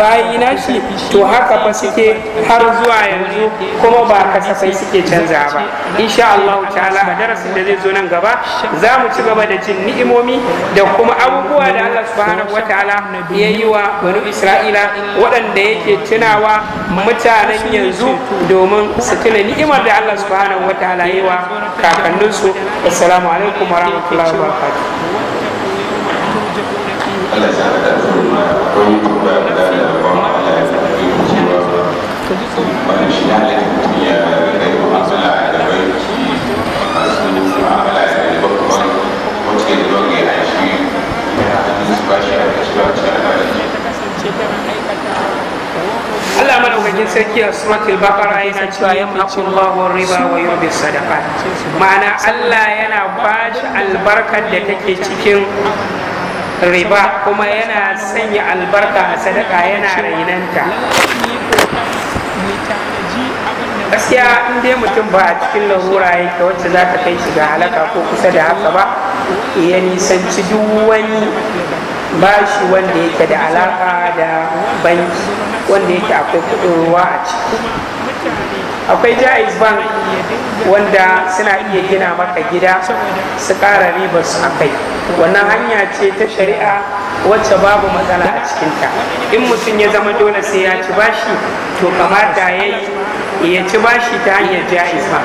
bayi shi to haka fa suke har zuwa yanzu kuma ba kasafai suke canza ba insha Allah ta'ala a darasin da zai zo nan gaba za mu ci gaba da jin ni'imomi da kuma abubuwa da Allah subhanahu ta'ala ya yi wa Bani Isra'ila waɗanda yake tunawa mutanen yanzu domin su tuna ni'imar da Allah subhanahu wataala ya yi wa kakanninsu assalamu alaikum warahmatullahi wabarakatuh Allah ya da alfahari Allah ya ba da shi ya ya yi ya shi Allah yana cewa riba ma'ana Allah albarkar da take cikin riba kuma yana sanya albarka a sadaka yana rainanta gaskiya in dai mutum ba a cikin larura yake wacce za ta kai shi ga halaka ko kusa da haka ba ya nisanci duk wani bashi wanda yake da alaka da banki wanda yake akwai kudin ruwa a ciki akwai jaiz bank wanda suna iya gina maka gida su kara ribar su akai wannan hanya ce ta shari'a wacce babu matsala a cikinta in mutum ya zama dole sai ya ci bashi to kamata ya yi ya ci bashi ta hanyar jaiz ba,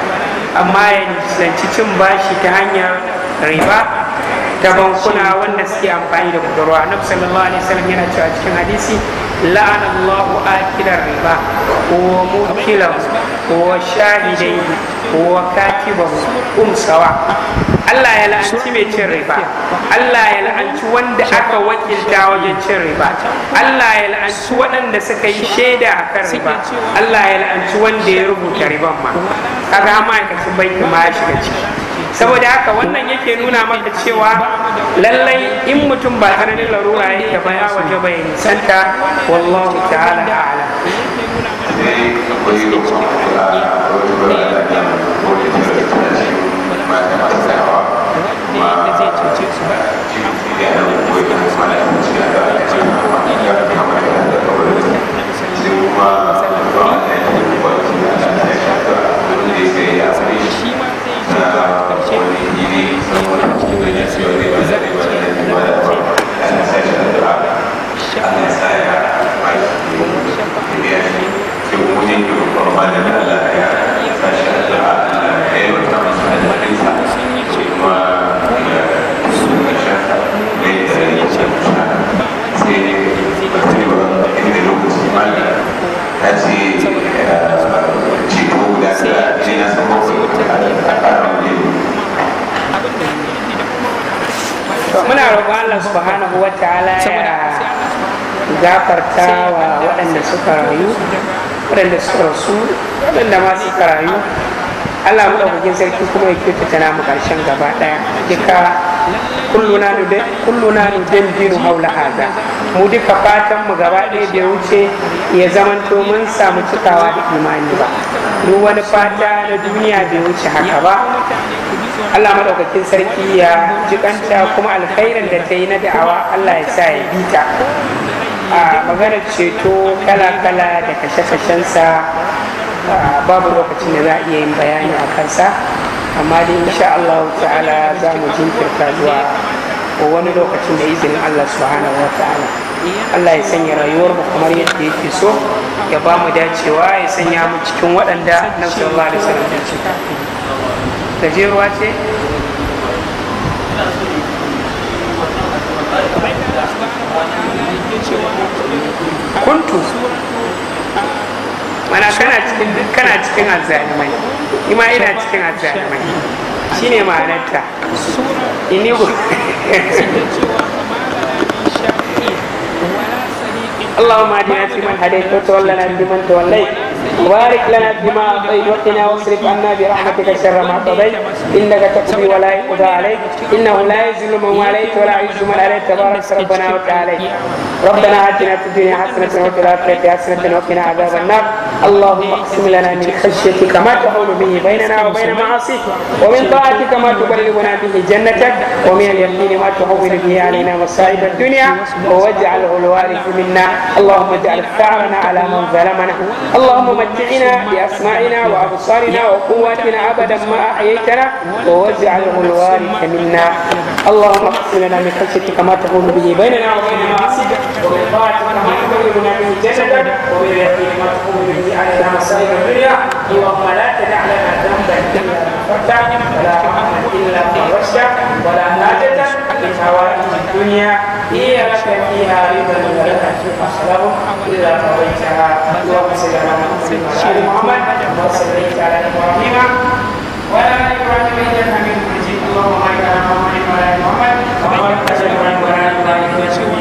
amma ya nisanci cin bashi ta hanyar riba ta bankuna wanda suke amfani da budurwa na sallallahu alaihi wasallam yana cewa cikin hadisi لعن الله آكل الربا وموكله وشاهديه وكاتبه أم سواء Allah ya la'anci mai cin riba Allah ya la'anci wanda aka wakilta wajen cin riba Allah ya la'anci waɗanda suka yi shaida a kan riba Allah ya la'anci wanda ya rubuta riban ma kaga ma'aikacin banki ma ya shiga ciki saboda haka wannan yake nuna maka cewa lallai in mutum ba tsananin larura ya ba ya waje bai nisanta wallahu ta'ala ala. Allah subhanahu wa ta'ala ya gafarta wa waɗanda suka rayu waɗanda suka rasu waɗanda ma suka rayu Allah mu ɗaukakin sarki kuma ya kyautata namu ƙarshen gaba ɗaya duka kulluna nudin dinu haula haza mu duka fatan mu gaba ɗaya da wuce ya zamanto mun samu cikawa da imani ba duk wani fata na duniya bai wuce haka ba Allah madaukakin sarki ya ji kanta kuma alkhairan da ta yi na da'awa Allah ya sa ya bi ta a maganar ceto kala-kala da kashe-kashensa babu lokacin da za a iya yin bayani a kansa amma dai insha Allah ta'ala za mu jinkirta zuwa wani lokacin da izinin Allah subhanahu wa ta'ala Allah ya sanya rayuwar mu kamar yadda yake so ya ba mu dacewa ya sanya mu cikin waɗanda na sallallahu alaihi wasallam ya ce gajeruwa ce kuntu mana kana cikin kana cikin azzalimai ima ina cikin azzalimai shine ma'anarta ini man اهدنا wa هديت وتولنا man tawallaita وبارك لنا بما أعطيت وقنا واصرف عنا برحمتك شر ما قضيت إنك تقضي ولا يقضى عليك إنه لا يزل من واليت ولا يعز من عليك تبارك ربنا وتعالى ربنا آتنا في الدنيا حسنة وفي الآخرة حسنة وقنا عذاب النار اللهم اقسم لنا من خشيتك ما تحول به بيننا وبين معاصيك ومن طاعتك ما تبلغنا به جنتك ومن اليقين ما تحول به علينا مصائب الدنيا واجعله الوارث منا اللهم اجعل ثارنا على من ظلمنا اللهم اللهم متعنا بأسماعنا وأبصارنا وقواتنا أبدا ما أحييتنا ووزع الوارث منا اللهم اقسم لنا من خشيتك كما تقول به بيننا وبين معاصيك ومن طاعتك ما تبلغنا به جسدك ومن يقين ما تقول به علينا مصائب الدنيا اللهم لا تدع لنا ذنبا الا غفرته ولا رحمه الا فرجته ولا الشهوات الدنيا هي لك فيها رضا ولك فيها صبر إلا قضيتها اللهم صل على محمد وصليت على إبراهيم وعلى آل إبراهيم إنك حميد مجيد اللهم بارك على محمد وعلى آل محمد وبارك على إبراهيم وعلى آل إبراهيم